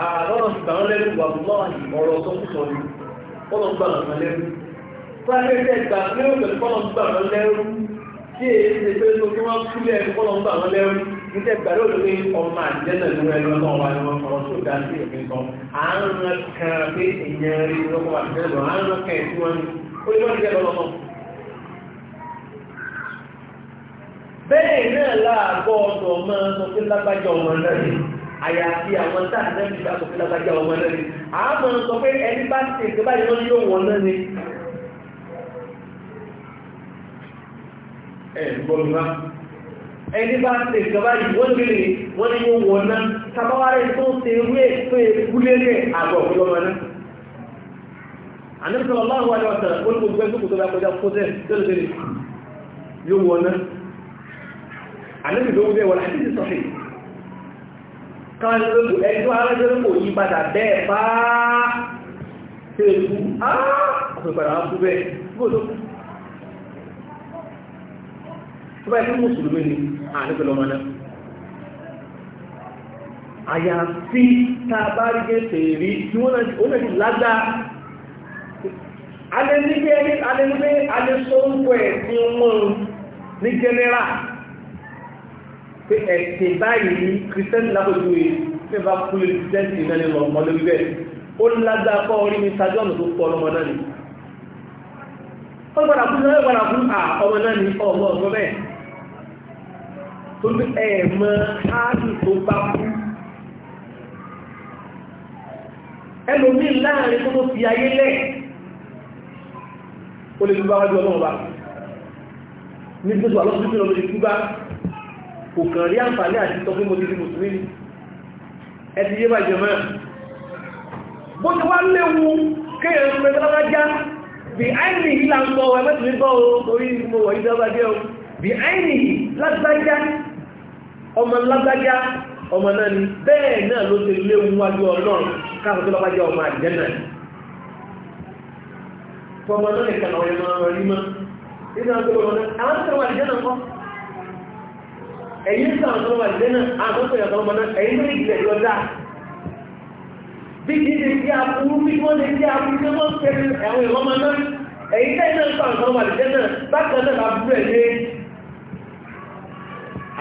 àlọ́nà ti gbà wọ́n lẹ́rù wà lọ́wọ́ ọ̀rọ̀ tó ń sọ ní ọ̀nà gbà wọ́n lẹ́rù fúlàní ẹgbẹ́ ìgbà lérò pẹ̀lú kọ́nà gbà wọ́n lẹ́rù tí èyí ṣe pé tó kí wọ́n kúlẹ̀ kọ́nà gbà wọ́n lẹ́rù níta ìgbà lóde ní ọmọ àjẹ́nà ní ẹ̀rọ náà wà ní ọ̀rọ̀ tó bẹ́ẹ̀ náà láàbọ̀ ọ̀dọ̀ máa sọ pé lágbájọ ọmọ náà àyàfi àwọn tá àtẹ́bí bá sọ pé lágbájá ọmọ náà ni àmọ́ sọ pé ẹni bá ti ṣe báyìí lọ́dún yóò wọ̀ náà ni. ẹ gbọ́dọ̀ náà ẹni bá ti ṣe báyìí wọ́n ti lè wọ́n ní yóò wọ̀ náà sábàwárẹ̀ tó ṣe ewé ètò ìkúlélẹ̀ àgbọ̀ ọ̀gbọ̀n náà. àná sọ̀rọ̀ máa wà lọ́sẹ̀ olùkọ́ gbẹ́sùkù tó bá kọjá kó tẹ́ ànábì ló wúlẹ̀ wọ̀ láti ṣe sọ̀hìn kan lóògbò ẹjọ́ alájọ́rò kò yí padà bẹ́ẹ̀ bá tẹ́lú àpẹẹ̀pẹ̀rẹ̀ àpú bẹ́ẹ̀ gbọ́dọ̀ tó bá ẹ̀kú mùsùlùmí ni àníkẹ̀lọ́ ọmọ náà àyàfi tàbárígẹ́ tèèrí tí wọ́n náà ti lágbà alẹ́ nígbẹ́ alẹ́ sọ́rọ̀ ẹ̀sìn wọn ní general pé ẹ̀sìn báyìí ní kìrìsìtẹ́nì lápòjú rẹ̀ pé bá kú lórí kìrìsìtẹ́nì náà ní ọmọ lórí bẹ́ẹ̀ ó lágbá kọ́ orí mi sájú ọ̀nà tó pọ̀ ọmọ náà ni ó gbọ́dà kú náà gbọ́dà kú à ọmọ náà ni ọmọ ọmọ bẹ́ẹ̀ tó ní ẹ̀ẹ̀mọ́ áàdù tó bá kú ẹlòmíì láàrin tó tó fi ayé lẹ̀ ó lè tó bá wájú ọlọ́run bá ní gbèsè àlọ́sùn kò kàn rí àǹfààní àti sọ pé mo ti di mùsùlùmí ni ẹ ti yé bá jẹ mẹ́rin bó ti wá léwu kéèyàn pẹ̀lú ọlájá bí àìní yìí là ń sọ ẹ mẹ́tìlú bọ́ orí mo wọ̀ yìí dábàá jẹ́ o bí àìní yìí lágbájá ọmọ lágbájá ọmọ náà ni bẹ́ẹ̀ náà ló ti léwu wájú ọlọ́run káàkiri lọ́gbájá ọmọ àjẹ́ náà fọmọ náà nìkan àwọn ẹ̀mọ́ ọmọ ẹ̀yìn sàn tó wà lẹ́nà àtọ́tọ̀ ìyàtọ̀ ọmọ náà ẹ̀yìn tó ìgbẹ̀ yọ dáa bí kí ní ti aburú bí wọ́n lè ti aburú tí wọ́n fẹ́ ẹ̀wọ̀n ìwọ́n máa náà ẹ̀yìn tẹ́ iná sàn tó wà lẹ́nà bákan náà bá bú ẹ̀ lé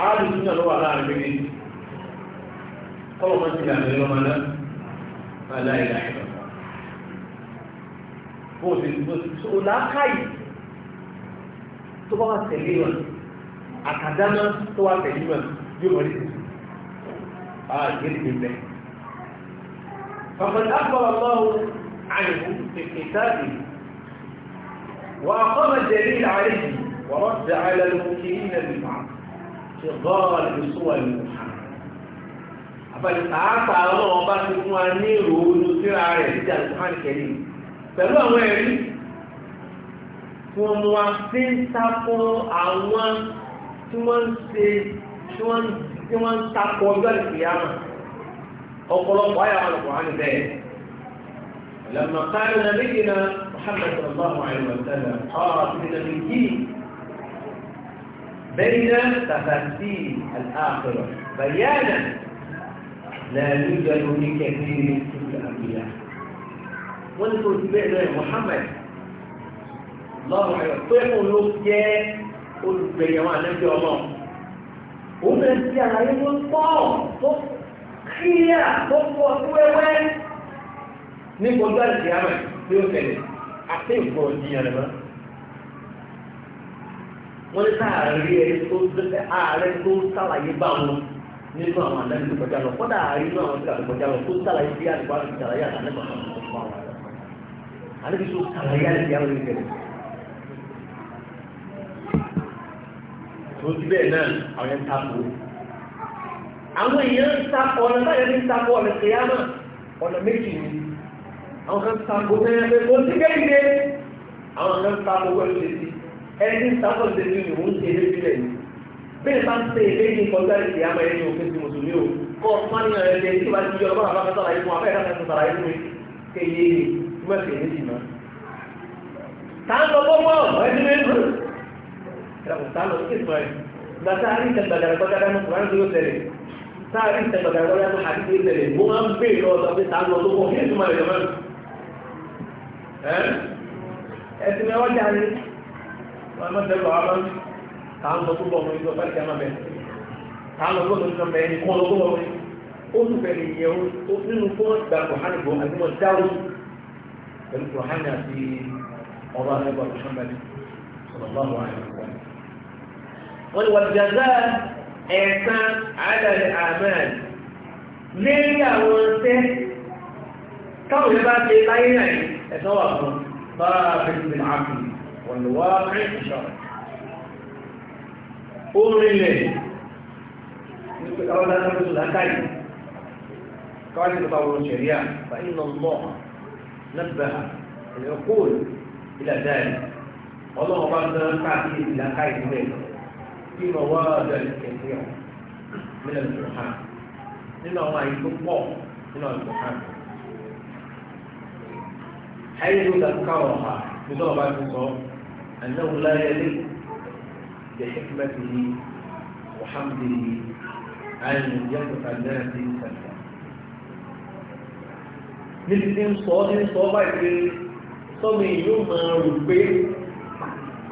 àádùn tó wà láàrin méjì kọ́wọ́ máa ti dà mí lọ́mọ náà lá bó ti bó ti tó tó bá wà tẹ̀lé wọn àkàdámá tó wà tẹ̀lé mọ̀ yóò wọlé tó àà ìyẹ́ ìgbé bẹ́ẹ̀. فقد أخبر الله عنه في كتابه وأقام الدليل عليه ورد على المنكرين بالبعض ṣùgbọ́n ìṣúwà ní Muhammad. Àpàtàkà ọlọ́run ọba ti fún wa ní ìrònú síra rẹ̀ níjà Muhammad kẹ́lí. Pẹ̀lú àwọn ẹ̀rí tí wọ́n wa sí ń sá fún àwọn tí wọ́n ṣe tí wọ́n tí wọ́n takò ọjọ́ ìkìyàmà ọ̀pọ̀lọpọ̀ ayé àwọn ọ̀pọ̀ àni bẹ́ẹ̀. لما قال نبينا محمد صلى الله عليه وسلم خاتم النبيين بين تفاسير الآخرة بيانا لا يوجد في كثير من كتب الأنبياء وانتم تبعنا محمد الله عليه وسلم olùgbẹ̀yẹ̀wò àlẹ́bí ọlọ́run òun bẹ̀rẹ̀ sí àlàyé tó pọ̀ tó kíyà tó pọ̀ tó wẹ́wẹ́ ní gbogbo àti àmà tí ó tẹ̀lé àti ìfọ̀ ìyàn rẹ̀ mọ́. wọ́n ní sáàárí ẹ̀ tó tẹ́lẹ̀ ààrẹ tó sàlàyé bá wọn nínú àwọn àlẹ́bí tó kọjá lọ kọ́dà ààrí nínú àwọn tó kọjá lọ tó sàlàyé bí àdìgbò àti sàlàyé àtàlẹ́bọ̀ àlẹ́bí tó sàlàyé àlẹ́bí tó ti bẹ́ẹ̀ náà àwọn ẹ̀ta kò àwọn èèyàn ń takọ ọ̀nà táyẹ̀ ní takọ ọ̀nà kìyàmà ọ̀nà méjì ni àwọn kan takọ náà pé kò sí kéde àwọn kan takọ pẹ̀lú tètè ẹni takọ tètè ni òun ṣe eré sílẹ̀ ni bẹ́ẹ̀ bá ń ṣe eré ní kọjá ìkìyàmà ẹni òfin ti mùsùlùmí o kọ́ ọ̀pánìyàn ẹni tí wàá ti yọ ọlọ́run àbáfẹ́ sọ̀rọ̀ ayé fún wa bẹ́ẹ̀ ká sọ̀rọ̀ ayé fún mi kéye ni wọ́n ṣe eré sì náà. tá sàkùntàlọ̀ ní kìsìmọ̀ rẹ̀ hari àrí ìtẹ̀gbàdàgbàdà ní kùrán tó yóò tẹ̀lé sáàrí ìtẹ̀gbàdàgbàdà ní àti tó yóò tẹ̀lé mo máa ń béèrè ọ̀dọ̀ pé ta lọ tó pọ̀ ní ìtumọ̀ rẹ̀ lọ́mọ́ ẹ̀sìn mẹ́wọ́ jà ní ọmọdébà ọmọ ta ń lọ tó pọ̀ mọ́ ìjọba ìjà máa bẹ̀ ta ń lọ tó pọ̀ mọ́ ẹnìkan lọ tó pọ̀ mọ́ ó tún fẹ̀lẹ̀ yẹn ó nínú fún ìgbà kùrán ìbò àti wọn dáwọ́ pẹ̀lú kùrán àti ọba ẹgbà kùrán bẹ̀lẹ̀ sọ̀rọ̀ والجزاء إحسان على الأعمال ليه أولته توجبات إلينا يتوقف طافل بالعقل والواقع الشرع قول لله يقول أولا لك الهكاية قال تطور الشريعة فإن الله نبه العقول إلى ذلك والله قال لا تنفس الهكاية في مواد كثيرة من الجرحان لما هو يتقوى من الجرحان حيث ذكرها بدون بعد الصوم أنه لا يليق بحكمته وحمده أن يقف الناس سلفا مثل صوت صوبة صوم يوم ربيع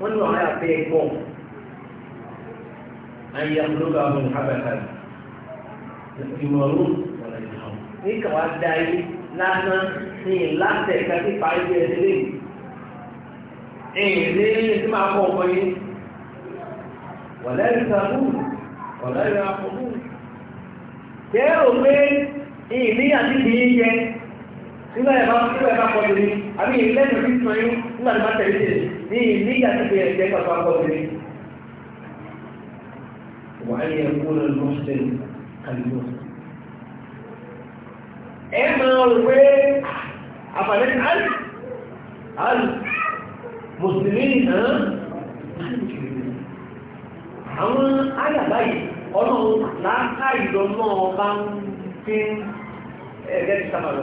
wọ́n ní wàhálà pé pọ̀ ayé akólógbà ọmọ ìhábàtà ìmọ̀rún ọ̀rẹ́ ìhàn ní kàwá da yìí lásán ní ìlàsẹ̀ kàtí parí bí ẹsẹ̀ lé ẹ̀yìn lé tí máa kọ́ ọkọ yìí wọ̀lẹ́rì sàbù wọ̀lẹ́rì àkọ́bù jẹ́ òpé ìní àti ìdíyẹ jẹ nígbà yẹn bá kọ́ ọ̀dọ̀ ni àbí ìlẹ́nu fi sàn yín nígbà tí wọ́n tẹ̀lé tẹ̀lé ní ilé àti ẹ̀jẹ̀ pàpà kọ́bìnrin wàá yẹ kúrò lọ́sẹ̀lẹ̀ kàlùmọ́. ẹ máa rò pé àfàlẹ́ àlù àlù mùsùlùmí hàn àwọn ayàbáyé ọlọ́run láàáyì lọ náà bá ń fi ẹgbẹ́ ti sábà lọ.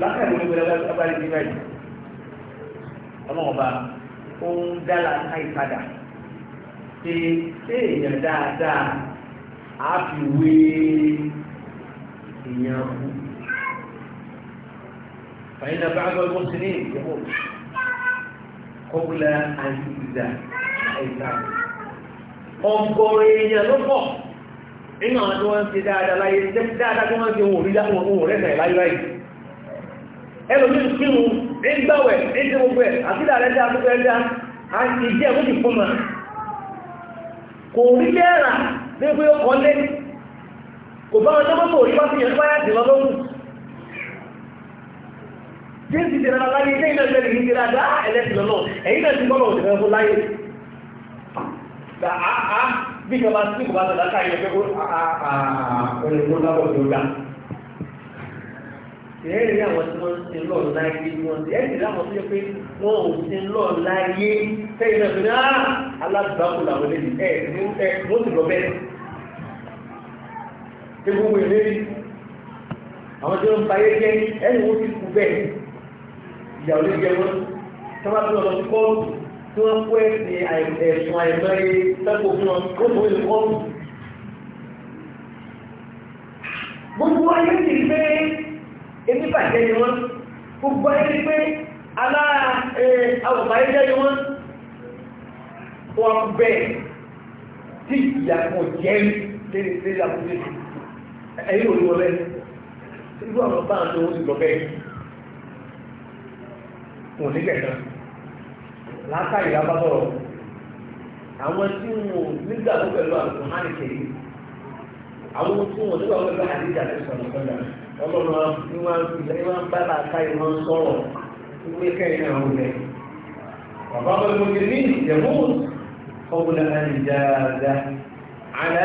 lákàtí ní gbẹdẹ lábàárí bí báyìí ọlọ́ọ̀ba ó ń dára àìpadà ṣe ṣé èèyàn dáadáa á fi wé èèyàn kú fàyínà báńkì ọdún sí ní ìjẹ́bọ̀ kọ́kúlẹ̀ àìsíkìdà àìsàn ọgọ́rọ̀ èèyàn ló pọ̀ nínú àwọn tí wọ́n ń ṣe dáadáa láyé dáadáa tí wọ́n ń ṣe wọn rí dáadáa wọn ò rẹ́sẹ̀ láyé láyé ẹlòmíì kírun ìgbàwẹ̀ ìdí gbogbo ẹ̀ àtìlà rẹ̀ dá gbogbo ẹ̀ dá ìdí ẹ̀ lójì fún ma kò rí lẹ́ẹ̀rà ní pé ó kọ́ lé kò bá wọn lọ́wọ́ tó rí bá fi yẹn báyà dì lọ lọ́wọ́ jésù ti rárá láyé ilé iná ìlẹ́rìí ní kíra dá ẹlẹ́sìn lọ́nà ẹ̀yìn náà ti gbọ́nà òṣèré fún láyé bí kọba sí kọba tọ̀dá káyọ̀ pé ó àà òyìnbó lábọ̀ tó dá ẹ̀ẹ́rì àwọn tí wọ́n ti lọ láyé wọn ẹ̀ẹ́rì àwọn tó yẹ pé wọ́n ò ti lọ láyé sẹ́yìn náà fi ní àá ah, alábàákù làwọn lè ní ẹ̀ ní ẹ̀ wọ́n ti lọ bẹ́ẹ̀. ewu wo ìlérí àwọn tí wọ́n ń bayé jẹ́ ẹ̀ẹ́rì wọ́n ti kú bẹ́ẹ̀ ìyàwó lè jẹ wọn tí wọ́n bá tún lọ sí kọ́ọ̀tù tí wọ́n kó ẹ̀sìn ẹ̀sùn àìmọ́ye sẹ́kọ̀ọ́ fún wọn kó fún ìlú kọ́ọ̀tù. gbogbo ayé ti gbé ebi bàjẹ́ ni wọ́n gbogbo ayé pé alára àwòbáyé jẹ́ ni wọ́n wọ́n bẹ́ẹ̀ tí ìyàpọ̀ jẹ́ lérí sí àbúlé ẹ̀yìn òní wọlé irú àwọn bá àti owó ti lọ bẹ́ẹ̀ wọ́n nílẹ̀ náà látàrí lábábọ̀rọ̀ àwọn tí wọn nígbàgbọ́ pẹ̀lú àlùkò àwọn tí wọn nígbàgbọ́ pẹ̀lú àdíjà tó sọ̀rọ̀ ọlọ́run ìwọ̀n ìwọ̀n bára ká ìwọ̀n sọ̀rọ̀ wípé kẹ́yìn àwọn ilẹ̀ bàbá bá ló ti ní ìjẹ̀mú ọ̀gbọ̀n àti ìjàdá àlá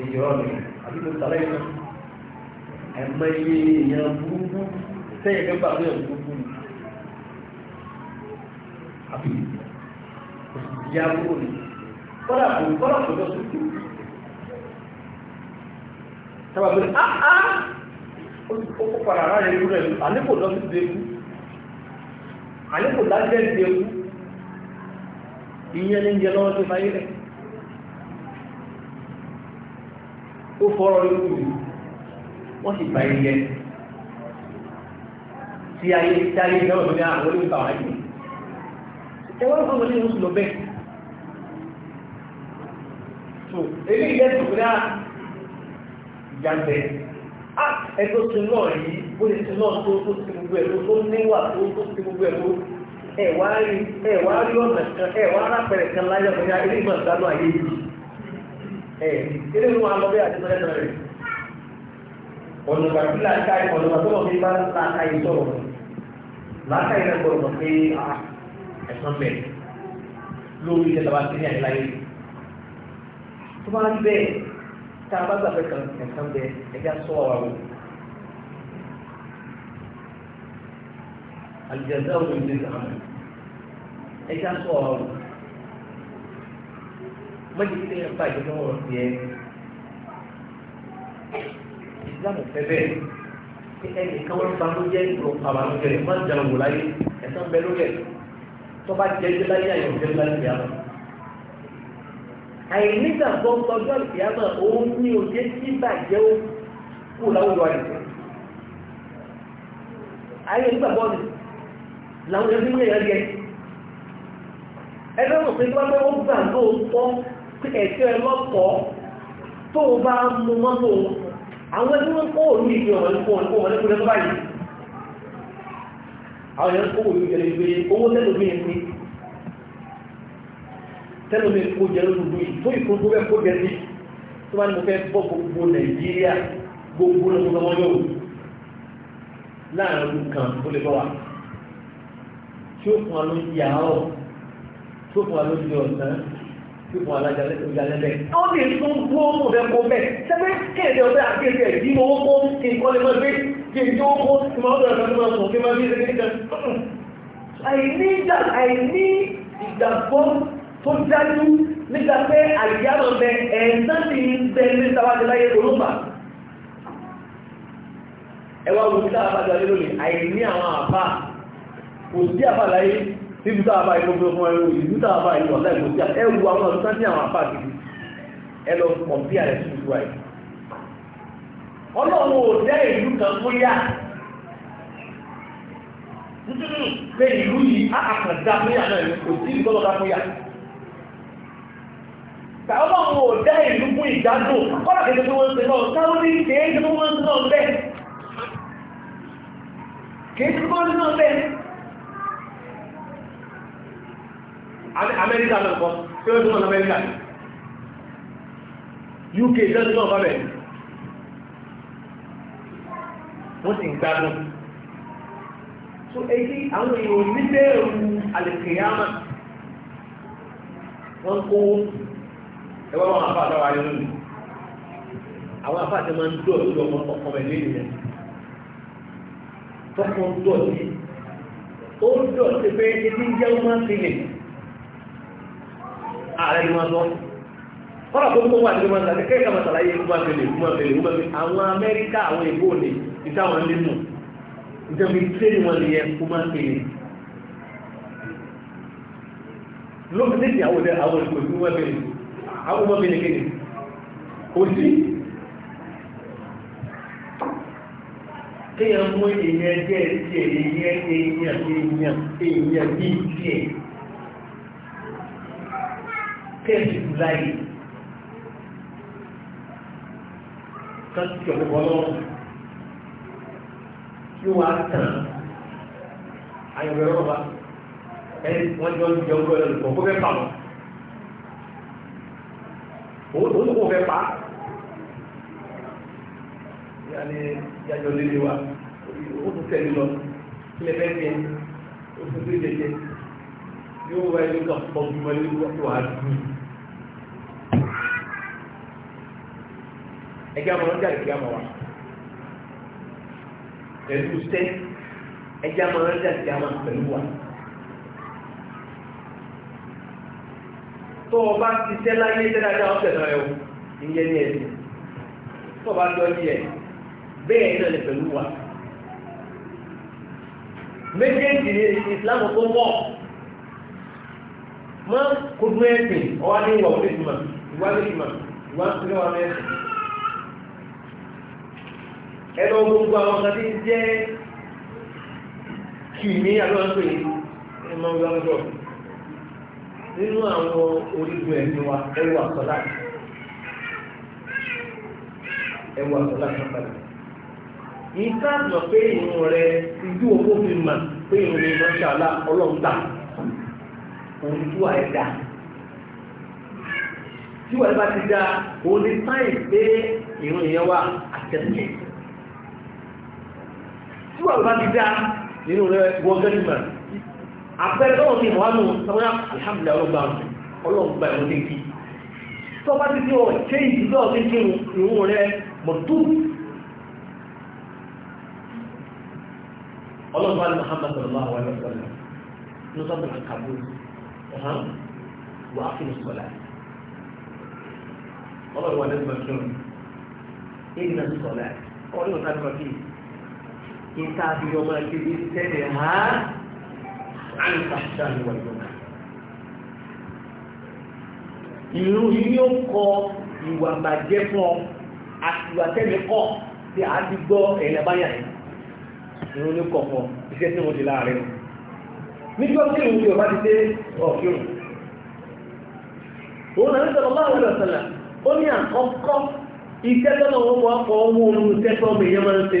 ìjọba mi àti tó sàlẹ̀ iná ẹ̀mọ iye èèyàn burúkú sẹ́yìn kẹ́kọ̀ọ́ àwọn èèyàn burúkú ni àbí ìyá burúkú ni kọ́dà kò kọ́dà kò jọ sókè sábà pé áá ah, ah. ó padà rárá ewu rẹ̀ àlékò lọ sí ewu àlékò lájẹ́ ti ewu ìyẹn ní jẹ lọ́wọ́ tó fáyé rẹ̀ ó fọ́rọ̀ ewu rẹ̀ wọ́n sì gba ẹyẹ tí ayé tí ayé náà lórí àwọn olóògbé àwọn ayé ẹ wọ́n fọ́n wọlé oṣù lọ bẹ́ẹ̀ so èyí jẹ́ tòkúrẹ́ jáde ẹgbẹ́ tí náà yìí ó lè ti náà tó tó ti gbogbo ẹ̀ ló tó níwà tó tó ti gbogbo ẹ̀ ló ẹ̀wà rí ẹ̀wà rí ọ̀nà kan ẹ̀wà arápẹ̀rẹ̀ kan láyé ọ̀gbẹ́yà ilé ìmọ̀ ìdáná ayé yìí ẹ̀ ilé ìlú wa lọ bí àti mẹ́rin rẹ̀ ọ̀nà gbàgbé làákà ọ̀nà gbàgbé wọn fi máa ń yìí sọ̀rọ̀ làákà yìí lẹ́gbọ̀n mọ̀ pé ẹ̀sán bẹ̀ lórí ìjẹta tá a bá gbàgbé kan kankan bẹ ẹja sọ wa wò. àlùjẹ̀dá òun ní ìdáhùn ẹja sọ wa wò. mọ́jú kí ẹ bá ìjọba wọn fi ẹ. ìsìlámù fẹ́ bẹ́ẹ̀ kí ẹnì kan wọ́n bá ló jẹ́ ìlú àbàlùjẹ̀ má jẹun wò láyé ẹ̀sán bẹ́ẹ̀ ló yẹ tó jẹ́ jẹ́ láyé àyẹ̀wò jẹ́ láyé ìyá àìnígbà tó ń tọjọ́ ìfìyàmọ̀ òun ní òjé tí bàjẹ́ ó kú láwùjọ àìsàn ayé nígbà bọ́ọ̀lù làwọn ẹbí ń yẹ̀yẹ́ yẹ ẹgbẹ́ mọ̀ pé wọ́n bá wọ́n gbà lóòótọ́ pé ẹ̀sẹ̀ ẹlọ́kọ̀ọ́ tó o bá mú mọ́tò àwọn ẹbí wọn kọ́ òun ìgbé ọ̀wọ́n kó wọn kó wọn lẹ́kọ̀ọ́ lẹ́kọ̀ọ́ báyìí àwọn ẹ̀yẹ́ kó òun ìgbẹ̀lẹ̀ ìgbé owó tẹ́lẹ̀ tẹ́lẹ̀ mi kó jẹ lódodo yìí tó ìfún tó bẹ́ jẹ sí tó bá ní mo fẹ́ bọ́ gbogbo nàìjíríà gbogbo ní ọmọ láàrin ọdún kan ó lè bọ́ wa tí ó fún wa ló ń tí ó fún wa ló ọ̀sán tí ó fún wa lájà lẹ́lẹ́. àwọn lè tún gbó mo fẹ́ kó bẹ́ẹ̀ sẹ́fẹ́ kéde ọ̀sẹ̀ àgbẹ̀dẹ̀ bí mo kó kí lè máa gbé kí n tó dájú nígbà pé àìyáwó bẹ ẹ̀ẹ́sán ti ń bẹ ní sáwájú láyé olóògbà ẹwà wù sí àbájọ ayé lónìí àìní àwọn àbá kò sí àbá láyé níbi tó àbá ìlú fún ẹrù ìlú tó àbá ìlú ọ̀lá ìlú sí ẹwù àwọn ọ̀sán ní àwọn àbá gidi ẹ lọ kọ̀m̀pí àrẹ sí ìlú àyè ọlọ́run ò jẹ́ ìlú kan tó yá pé ìlú yìí á àkàndá fún yà náà kò sí ìtọ́lọ́dá tàbí àwọn òdá ìlú fún ìjádùn kọ́lá kẹta tó wọ́n ṣe náà táwọn ní kéèké tó wọ́n ṣe náà bẹ́ẹ̀ kéèké tó wọ́n ṣe náà bẹ́ẹ̀ amẹ́ríkà lọ́pọ̀ tí ó túnmọ̀ amẹ́ríkà uk lọ́dún náà bábẹ̀ wọ́n sì ń gbádùn so èyí àwọn èèyàn níbẹ̀rù àlèkèyàmà wọ́n kó ẹwọ́n wọn àfa àtàwọn ayé lónìí àwọn afa àti máa ń dọ̀ lórí ọmọ ọkọ ẹ̀ lẹ́yìn rẹ̀ tọkọ ń dọ̀ sí ó ń dọ̀ sí pé ebi ń jẹ́ ọmọ sílẹ̀ ààrẹ ni wọ́n sọ kọ́lá tó kó wà ní ọmọ sílẹ̀ kéèké máa sàlàyé ọmọ sílẹ̀ ọmọ sílẹ̀ ọmọ sílẹ̀ àwọn Amẹ́ríkà àwọn èbó ni ìtàwọn ń lémù ìjọba ìtẹ́lẹ̀ wọn ni yẹn ọmọ sílẹ̀ lóbi tẹ́tì àwọn olùkọ́ ìlú wọn bẹ̀rẹ̀ àwọn ọmọ bèèrè kéde kò sí kéèyàn mú èèyàn jẹ́ sí èèyàn èèyàn èèyàn èèyàn bí sí ẹ̀ kéèyàn sì láyé kan ti ọ̀pọ̀ lọ́wọ́ tí wọ́n á tàn ayọ̀bẹ̀rẹ̀ ọba ẹni wọ́n jọ ń jẹun lọ́wọ́ ẹ̀lọ́pọ̀ kó fẹ́ òun kò fẹ́ pa yà ni yàjọ líle wa ó tún tẹ̀lé lọ ilẹ̀ fẹ́ jẹ ó tún tẹ̀lé jẹ yóò wá ilé kan pọ̀ bí wọ́n lé wọ́n á dùn. ẹgbẹ́ àwọn ọlọ́jà ìgbé àmọ́ wa pẹ̀lú sẹ́ ẹgbẹ́ àwọn ọlọ́jà ìgbé àmọ́ pẹ̀lú wa. tó o bá ti tẹ́ láyé tẹ́ dáadáa ọ̀sẹ̀ náà ẹ̀wọ̀ ìyẹn ní ẹ̀sìn tó o bá jọ ní ẹ̀ bẹ́ẹ̀ náà lè pẹ̀lú wa. méjèèjì ni ìsìlámù tó mọ̀ mọ́ kojú ẹ̀sìn ọwá ní ìwà òfin ìtumọ̀ ìwà ní ìwà ń ẹ̀sìn. ẹ gbogbo àwọn kan tí ń jẹ́ kìíní àlọ́ àpè ẹ̀mọ́ ìwà ń nínú àwọn orígun ẹ̀mí wa ẹwà àtọ́lá ẹwà àtọ́lá sábàlá yìí sáàtọ̀ pé ìrùn rẹ ìjú owó fi mà pé ìrùn rẹ mọ́ṣálá ọlọ́run tà òun tú àìdá tí wọ́n bá ti dá òun ní sáì pé ìrùn yẹn wà àtẹ̀lẹ̀ tí wọ́n bá ti dá nínú rẹ wọ́n gẹ́gẹ́ mọ̀ àpẹẹrẹ lọ́wọ́ ní ìwádùn sọ́wọ́n alhamdulillah ọlọ́gbà ọlọ́gbà ẹ̀wọ̀n tí kí tọ́bá tí tí ó ṣe ìdílé kí ìwọ̀n rẹ mọ̀tú ọlọ́gbà ní muhammadu allah wa sallam ní sọ́bù ní kabul ọ̀hán wà á fi ní sọ́lá ọlọ́gbà wà lẹ́gbẹ̀ẹ́ kí wọn èyí náà عن الفحشاء والمنكر ìlú yìí ó kọ ìwà bàjẹ́ fún ọ àti ìwà tẹ́lẹ̀ kọ́ tí a ti gbọ́ ẹ̀yìn àbáyà yìí ìlú ní kọ̀ fún iṣẹ́ tí wọ́n ti láàrin wọn níjọ́ tí ìlú yóò bá ti dé ọ̀fíùn òun náà ń sọ̀rọ̀ báwo ó ní àkọ́kọ́ iṣẹ́ tọ́lọ̀ wọn wọ́n kọ́ ọmọ olùtẹ́tọ́ ọmọ èèyàn máa ń ṣe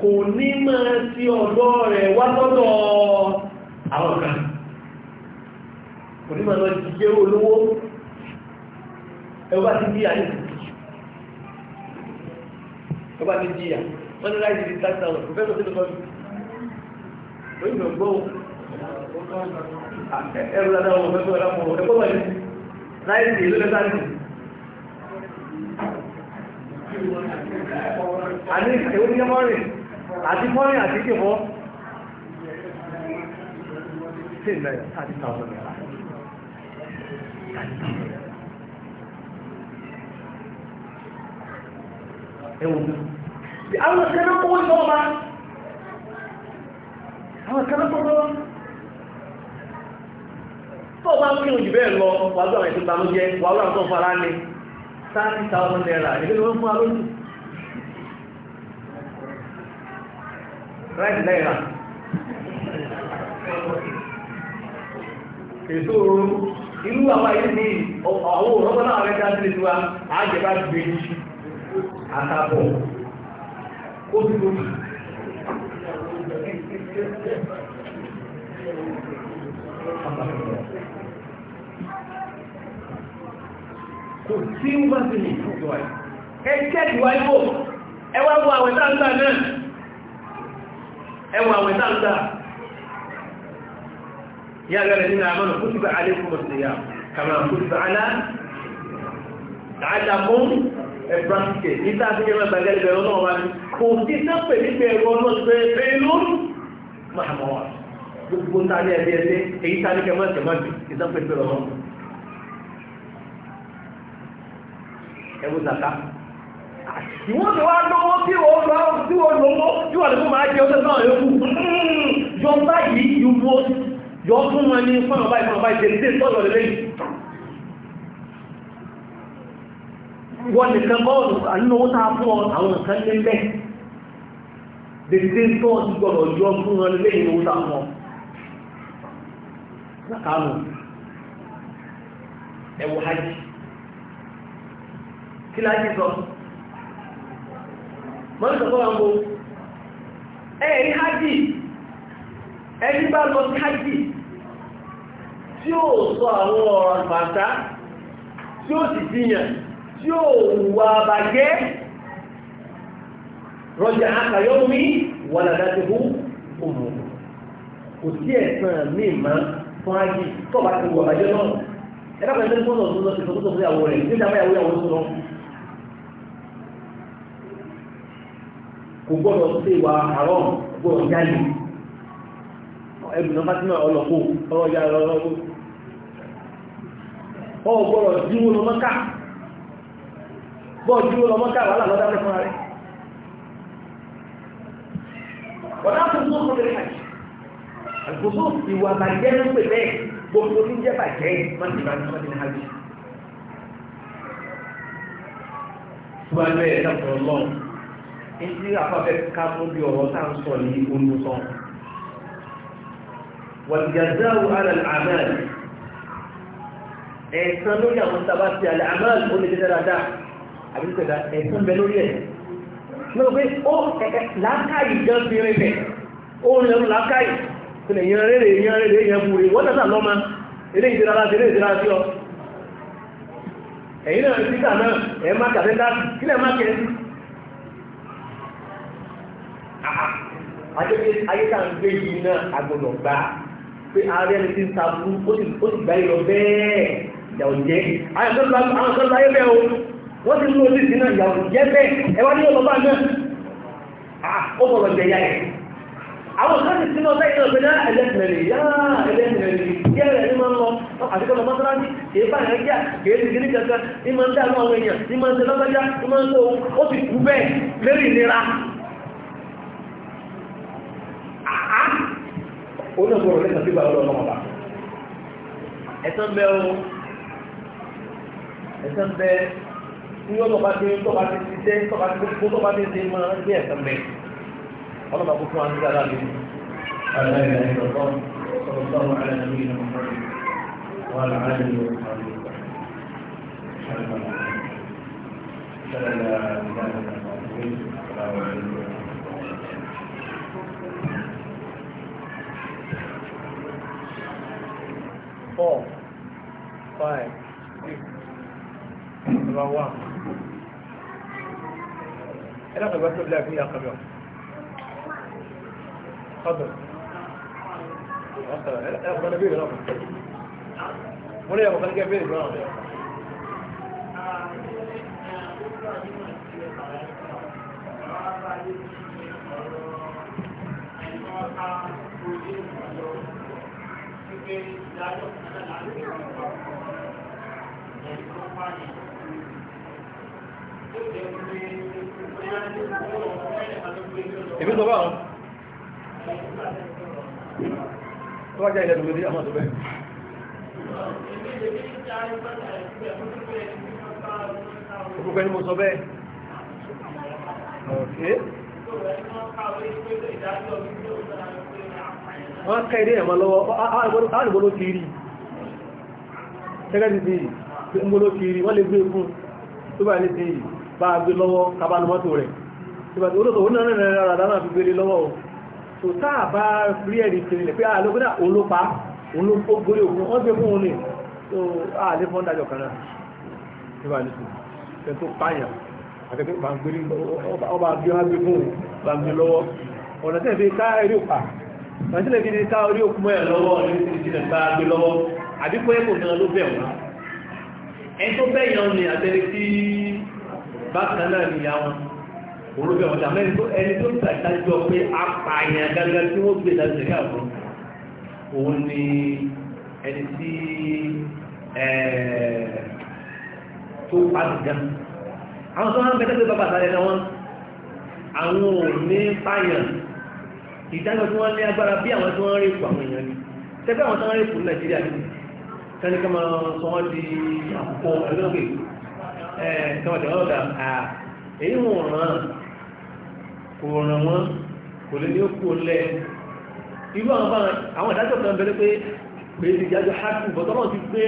kò ní máa sí ọ̀dọ́ rẹ̀ wá lọ́dọ̀ àwọn kan kò ní máa lọ jíjẹ́ olówó ẹwà ti díyà ní ẹwà ti díyà wọ́n ní láìsí tàbí àwọn òfẹ́ lọ́sí lọ́sí lóyìn ọgbọ́ ẹrù ládá wọn fẹ́ fẹ́ lápọ̀ ẹgbọ́ wà ní láìsí ìlú lẹ́sà ní àní ìṣẹ́wó àti fọ́rin àti ìkẹfọ́ ẹwọ̀n àwọn ìkẹ́lẹ́ kọ́wọ́ ìfọ́ ma àwọn ìkẹ́lẹ́ kọ́wọ́ tó ń kírun jù bẹ́ẹ̀ lọ wàá gbọ́ àwọn ìtúbà ló jẹ́ wàá lọ́wọ́ 30,000 naira ìgbẹ́lẹ́ fún alójú ráìsì náírà èso oró inú àwọn ayé ní àwọn òrọ́bọ́ náà rẹ̀ dá sílé tiwa àjẹbá gbé àtàbọ̀ ó ti lóbi tí ó bá ti lè fún ìwà ẹ̀ kẹ́ẹ̀kì wáyé wò ẹ wá wo àwẹ̀ táǹtà náà ẹwà àwẹ̀ náà ń gbà yá rẹ̀ nínú àmọ́nà kó ti bá alẹ́ fún ọ̀sẹ̀ yà kàmà kó ti bá alá àdàkún ẹ̀bùrákìtì ní sáàfin yẹn máa gbàgẹ́ ẹgbẹ̀rún náà wá ní kò sí sápẹ̀ nípa ẹ̀rọ náà ti bẹ́ẹ̀ bẹ́ẹ̀ lórí máa mọ̀ wá gbogbo ta ní ẹbí ẹsẹ èyí ta ní kẹmọ ẹsẹmọ ju ìsápẹ̀ pẹ̀lú ọmọ ìwọ́n ti wá lówó tí wọ́n lọ tí wọ́n lówó tí wọ́n lówó máa jẹ ọjọ́ náà yókù yọ báyìí yúwo yọ fún wọn ní fọ́nà báyìí fọ́nà báyìí tẹ̀lé tọ́lọ̀ lẹ́yìn wọ́n nìkan bọ́ọ̀lù àníwọ́ tá a fún ọ àwọn nǹkan ní bẹ́ẹ̀ dèdè tó ti gbọ́dọ̀ yọ fún wọn lẹ́yìn owó tá a fún ọ lákàánù ẹ̀wọ̀ hajj kí láti sọ mọ́rin sọ fọ́wọ́n bó tí ó sọ àwọn ọ̀rọ̀ bàtá tí ó sì díyàn tí ó wà bàjẹ́ rọjà akàyọ́mí wà ládájú fún òmù kò sí ẹ̀sán ní ìmá fún hajji tó wà bàjẹ́ náà ẹ̀rọ kò gbọ́dọ̀ sí ìwà àárọ̀ gbọ́dọ̀ jáde ẹbùnà fátímà ọlọ́kù ọlọ́jà ọlọ́kù ọ gbọ́dọ̀ díwó lọ mọ́ká gbọ́dọ̀ díwó lọ mọ́ká wà lọ́dá mẹ́fún rẹ̀ ọ̀dá tó tó tó lè hajj àgbòsó ìwà bàjẹ́ ló pè bẹ́ẹ̀ gbogbo ní jẹ́ bàjẹ́ mọ́tìmá ní mọ́tìmá hajj ìdí àfọ́fẹ́ ká mú bí ọ̀rọ̀ tá ń sọ ní olùsàn wàlìyàzáwò alẹ́ àmàlì ẹ̀sán lórí àwọn sábà ti alẹ́ àmàlì ó lè jẹ́ dáadáa àbí pẹ̀lá ẹ̀sán bẹ lórí ẹ̀ lọ́wọ́ pé ó làákàyè gan fi rẹ̀ bẹ̀ ó ń lẹ́nu làákàyè tẹ̀lẹ̀ yẹn rere yẹn rere yẹn bu rẹ̀ wọ́n náà àjẹpé ayéta ń gbé yìí náà agbọ́dọ̀ gbá pé ààrẹ ẹni tí ń ta fún ó sì gbá yìí lọ bẹ́ẹ̀ ìyàwó jẹ́ àwọn kan láyé bẹ́ẹ̀ o wọ́n ti mú ojú ìsìn náà ìyàwó jẹ́ bẹ́ẹ̀ ẹ wá ní ọlọ́ba náà ó bọ̀rọ̀ jẹ ya ẹ̀. àwọn kan ti sinú ọ̀sẹ̀ ìyàwó pẹ̀lú ẹlẹ́tìmẹ̀lì yá ẹlẹ́tìmẹ̀lì kí ẹ̀rẹ̀ ní máa ń lọ àtikọ́ lọ mọ́sálásí kì í bá yẹn jà kì í sìgìrì kankan ní máa ń dá àwọn onígbòrò lẹ́sàn tí bàbá ọlọ́mọ bá ẹ̀sán bẹ́ o ẹ̀sán bẹ́ tí wọ́n tọ́ba ti tọ́ba ti ti dé tọ́ba ti kó tọ́ba ti ti mọ́ bí ẹ̀sán bẹ́ ọlọ́mọ kó fún wa ní dáadáa lórí. Thank you. four five six number one ẹ dákọ̀ ìgbà tó bí àgbéyà kọjọ ọdún ọ̀sán ẹ dákọ̀ ìgbà tó bí ìrọ̀lọ́ mo ní ẹ̀kọ́ kan ní kẹ́ bí ìrọ̀lọ́ Thank you èmi sọ báwọn tó wájá ilẹ̀ lórí àmọ́ tó bẹ́ẹ̀ òkúkẹ́ ni mo sọ bẹ́ẹ̀ ọ̀kẹ́ wọ́n ká ilé ẹ̀mọ́ lọ́wọ́ àrùgbọ́ló ti rí ṣẹ́gẹ́dì sí ìgbòló ti rí wọ́n lè gbé fún tó bá ní sí bá gbé lọ́wọ́ kabalumọ́tò rẹ̀ ọ̀nà tẹ́ẹ̀fẹ́ ká ẹ̀rí òpá pàtílẹ̀ fi ní ká orí òkú mọ́ ẹ̀ lọ́wọ́ ní ìsìnkú bá gbé lọ́wọ́ àbí pé kò náà ló bẹ̀ wọ́n ẹni tó bẹ́ yàn ní àtẹ́lẹ̀ tí bákan náà ní àwọn olóbẹ̀ wọn tàbí ẹni tó tàìdájọ́ pé apààyàn gágá tí wọ́n gbé láti ẹ̀ká fún òun ni ẹni tí tó pàdùgá àwọn tó wọ́n ń bẹ́tẹ́ pé bàbá àtàlẹ́ náà wọ́n àwọn ò ní pààyàn ìdájọ́ tí wọ́n lé agbára bí àwọn tí wọ́n rí ipò àwọn èèyàn ni tẹ́gbẹ́ àwọn tí wọ́n rí ipò nàìjíríà ni kẹ́nìkan máa sọ wọ́n di àkókò ẹgbẹ́gbẹ́ ẹ̀ẹ́dẹ́gbẹ́ ọ̀dà èyí wọn ràn kò ràn wọ́n kò lè ní ó kú lẹ̀ irú àwọn bá àwọn ìdájọ́ kan bẹ̀rẹ̀ pé pé ti jájọ́ hákù bọ́ tọ́lọ́ ti pé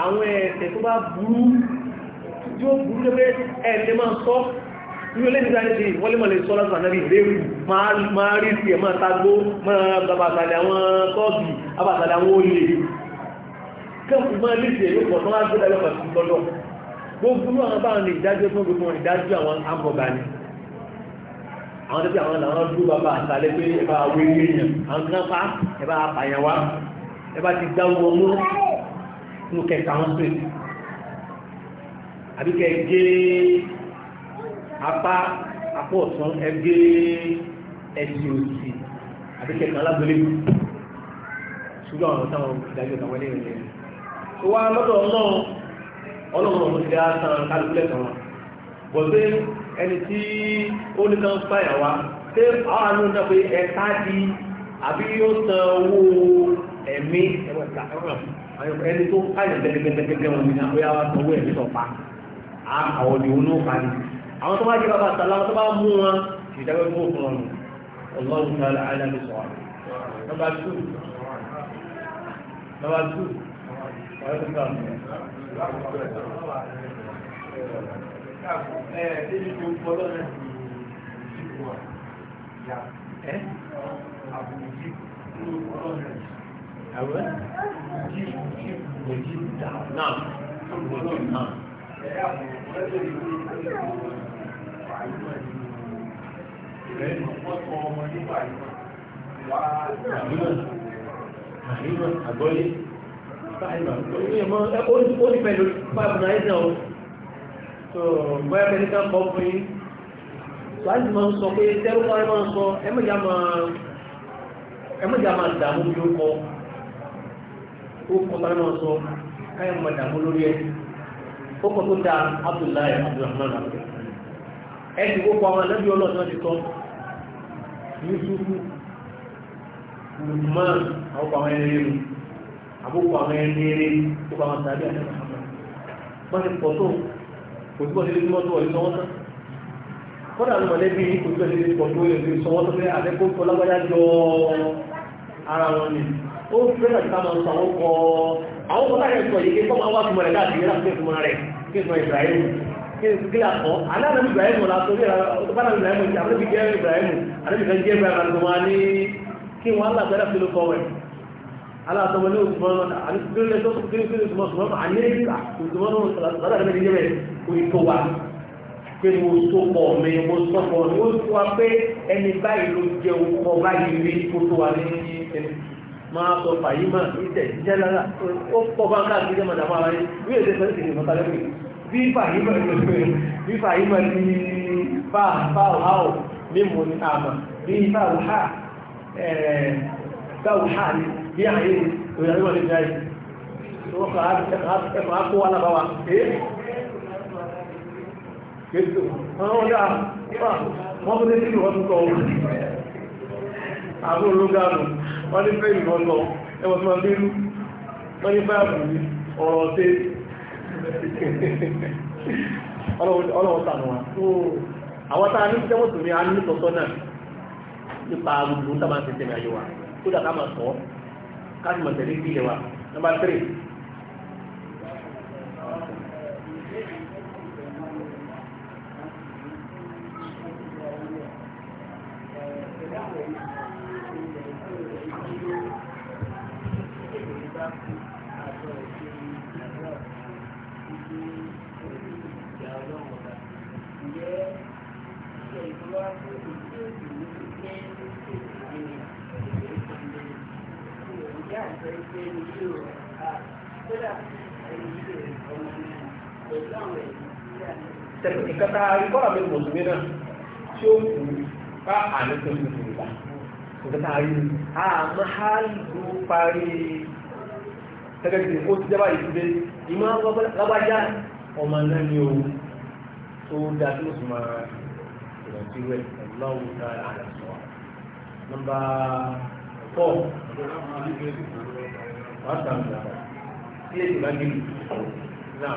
àwọn ẹ̀ẹ̀tẹ̀ tó bá burú yóò burú lé irú ilé nígbà ṣe wọ́n mọ̀ lè sọ lọ́sọ̀ ànábì léwu máa rí sí ẹ̀ máa tagbó máa bàtàlẹ̀ àwọn tọ́ọ̀bì abàtàlẹ̀ àwọn olè kẹ́kù máa lè ṣe yóò kọ̀tọ́ láti gbọ́dọ̀ lọ́pàá sí lọ́dọ̀ gbogbo àwọn bá ní ìdájọ́ fún gbogbo wọn ìdájọ́ àwọn amọ̀gbà ni àwọn tẹ́tí àwọn làwọn dúró bàbá àbíkẹ́ gé apá apá ọ̀tún ẹgbẹ́ ẹ̀sìn òsì àbíkẹ́ kan lábẹ́lẹ́ ṣùgbọ́n àwọn táwọn ìdájọ́ táwọn ẹlẹ́yìn rẹ̀ tó wá lọ́dọ̀ ọlọ́run ọlọ́run ọ̀hún ti dá san kálukúlẹ̀ kan wọn bọ̀ pé ẹni tí ó ní kan fàyà wá pé àwọn àánú náà pé ẹ̀ka di àbí yóò san owó ẹ̀mí ẹni tó fàyà bẹ́ẹ̀ bẹ́ẹ̀ bẹ́ẹ̀ bẹ́ẹ̀ wọn ni àwọn yàrá sanwó ẹ̀mí tó pa àwọn ni náà pa ni àwọn tó bá jẹ́ bàbá àtàlà tó bá mú wọn ìdáwẹ́ mú òkun ọ̀nà ọlọ́run tààlà àìlànà sọ̀rọ̀ nọ́bà 2 nọ́bà 2 ọ̀rẹ́ tó kà mú ẹ̀ Àwọn jíìpù jíìpù jíìpù dáa náà. Náà nípa ìmọ̀ ìrẹ́ ìmọ̀pọ̀tọ̀ ọmọ nípa ìmọ̀ wà àìmọ̀ àgbọ́lé ó ní pẹ̀lú fàbùnáìsàn o tó bọ́yá pẹ̀lú kan kọ́ fún yí láti máa ń sọ pé tẹ́rù kọ́rẹ́ máa ń sọ ẹmọ́jà máa dàmú bí ó kọ́ ó kọ́ bá náà sọ káyọ̀ máa dàmú lórí ẹ̀ ó kọ́ tó dáa Abdullahi Abdulrahman abdul ẹ̀sìn gbogbo àwọn ànábì ọlọ́dún ti tọ́ yusufu lukman àwọn àwọn ẹni rẹ̀ àbúkọ àwọn ẹni rẹ̀ gbogbo àwọn tàbí àti àmà wọ́n ti pọ̀ tó kò tí wọ́n ti lè mọ́ tó ọ̀lẹ́ sọ́wọ́n tán kọ́dà àwọn mọ̀lẹ́bí yìí kò tí wọ́n ti lè pọ̀ tó ọ̀lẹ́ sọ́wọ́n tán pé àbẹ́kọ́ kọ́ lágbájá jọ ara wọn ni ó fẹ́ láti ká máa ń sọ àwọn kọ́ àwọn kọ́ láyé sọ yìí kí máa wá fún rẹ̀ láti rí láti fún rẹ̀ kí sọ ìsirayẹ́lì kílàkọ́ aláàrẹ̀ ibrahim la torí ọ̀tọ́bára ibrahim ti àbúrẹ́bí jẹ́ ibrahim àdébìkan jẹ́ ibrahim àti wọn ní kí wọ́n aláàbẹ̀rẹ̀ fi ló kọ́ wẹ̀ aláàtọ́mọ ní òṣùmọ́n àdébìkan tó kí ní kílì òṣùmọ́n àníyàn òṣùmọ́n ọ̀tọ́bára jẹ́ kò tó wà pé mo tó pọ̀ mi mo sọ pọ̀ mi ó tó wa pé ẹni báyìí ló jẹ ọkọ̀ báyìí rí kó tó wa ní ẹni máa sọ fàyí máa ní tẹ̀ jẹ́ lára ó pọ̀ bá káàkiri mọ̀tàfà wáyé bí èdè fẹ́ bí fàyímọ̀ bí fàyímọ̀ ní bá báwọ̀ mímú ní àmà bí báwọ̀há báwọ̀há ní bí àyè ìrìnàmọ̀ lè jáyé ẹ̀kọ̀ akó wà lábáwá wọ́n tó dé sí ìwọ́n tó kọ́ àbúrò lógáàrù wọ́n ní fẹ́ ìwọ́n lọ ẹwọ́n tó máa bí irú wọ́n ní fẹ́ àbúrò ọ̀rọ̀ ọ̀tẹ́ ọlọ́wọ́ sànù wa tó àwọn tára ní jẹ́ mọ́tò ní a ní sọ́sọ́ náà nípa gbogbo sábà ń tẹ̀sẹ̀ ní ayé wa tó dàtà máa sọ káàkiri mọ̀tẹ̀lẹ́ ìpìlẹ̀ wa ìkẹta ikọ́ra mi mùsùlùmí náà tí ó kù ká àní tó ti fún ìgbà ìkẹta ayé àmọ́ ha ló parí tẹ́gẹ́gẹ́ ó ti jábá ìdílé ìmọ̀ lágbájá ọmọ náà ni o tó dá tó sì máa ìrántí rẹ̀ ọlọ́run ká àrà sọ nọ́mbà fọ́ wàá sàmì àbá sí èdè bá gé náà.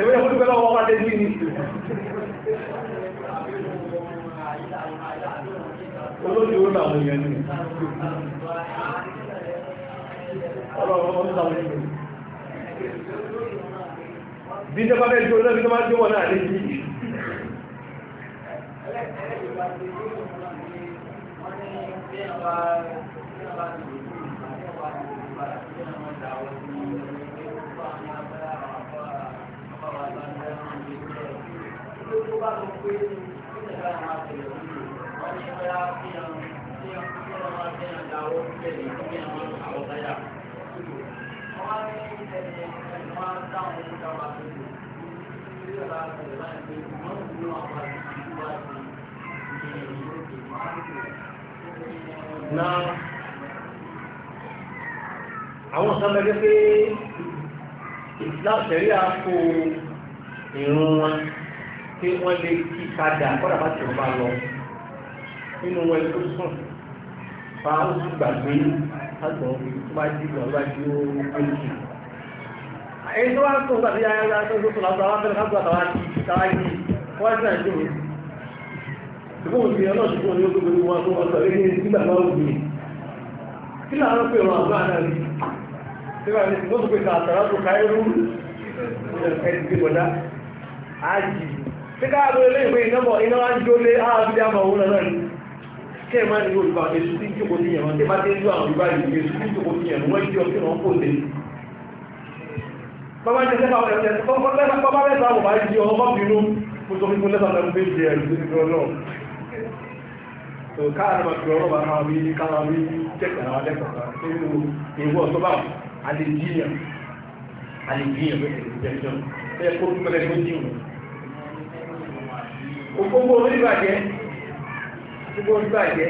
Ìwé ìwé lọ́wọ́ wá dé ní ní. Olóòtú ó náà wọ́n yẹn ní. Ọlọ́run ọmọ náà wọ́n yẹn. Bí jẹ́ bá bẹ́ẹ̀ tí olóòtú tó máa jẹ́ na àwọn sábẹ́gẹ́ pé àpò ìrún wọn pé wọ́n lè kí kadà kọ́dà bá ti bá lọ nínú wọn tó sùn fa ó sì gbàgbé látọ̀ tó bá jí lọ bá jí ó ń sùn. èyí tó wá ń sùn tàbí ayé ayé tó ń sùn lásán wọn fẹ́ràn káàkiri àtàwọn àti ìtawá yìí wọ́n sì ń dùn. ṣùgbọ́n òbí ọ̀nà ṣùgbọ́n ní ó tó gbogbo wọn tó wọn sọ lórí nígbà náà wù mí. kí làwọn pè wọn àgbà náà rí? síbẹ̀ ní ìgbọ́n tó pè ká àtàrà tó ká ẹrú ẹ̀ẹ́dì tí káàkiri ilé ìwé ìnáwó iná wá ń jó lé áàbídá mọ̀ òun náà ni kí ẹ̀mọ́ ni yorùbá èsù tí jókòó sí ẹ̀mọ́ tí bá dé lú àwọn yorùbá yìí èsù tí jókòó sí ẹ̀mọ́ wọ́n jọ kí wọ́n kò lé bàbá jẹ́ sẹ́fà bàbá mẹ́ta àwọn bàbá jí ọmọ bínú mo sọ fífún lẹ́fà lẹ́fà fún ìjẹ́ ẹ̀rù sí ìjọ náà tó káàkiri ma fi ọ̀rọ̀ bá máa wí káwọn wí jẹ́kẹ̀ gbogbo oníbàjẹ́ gbogbo oníbàjẹ́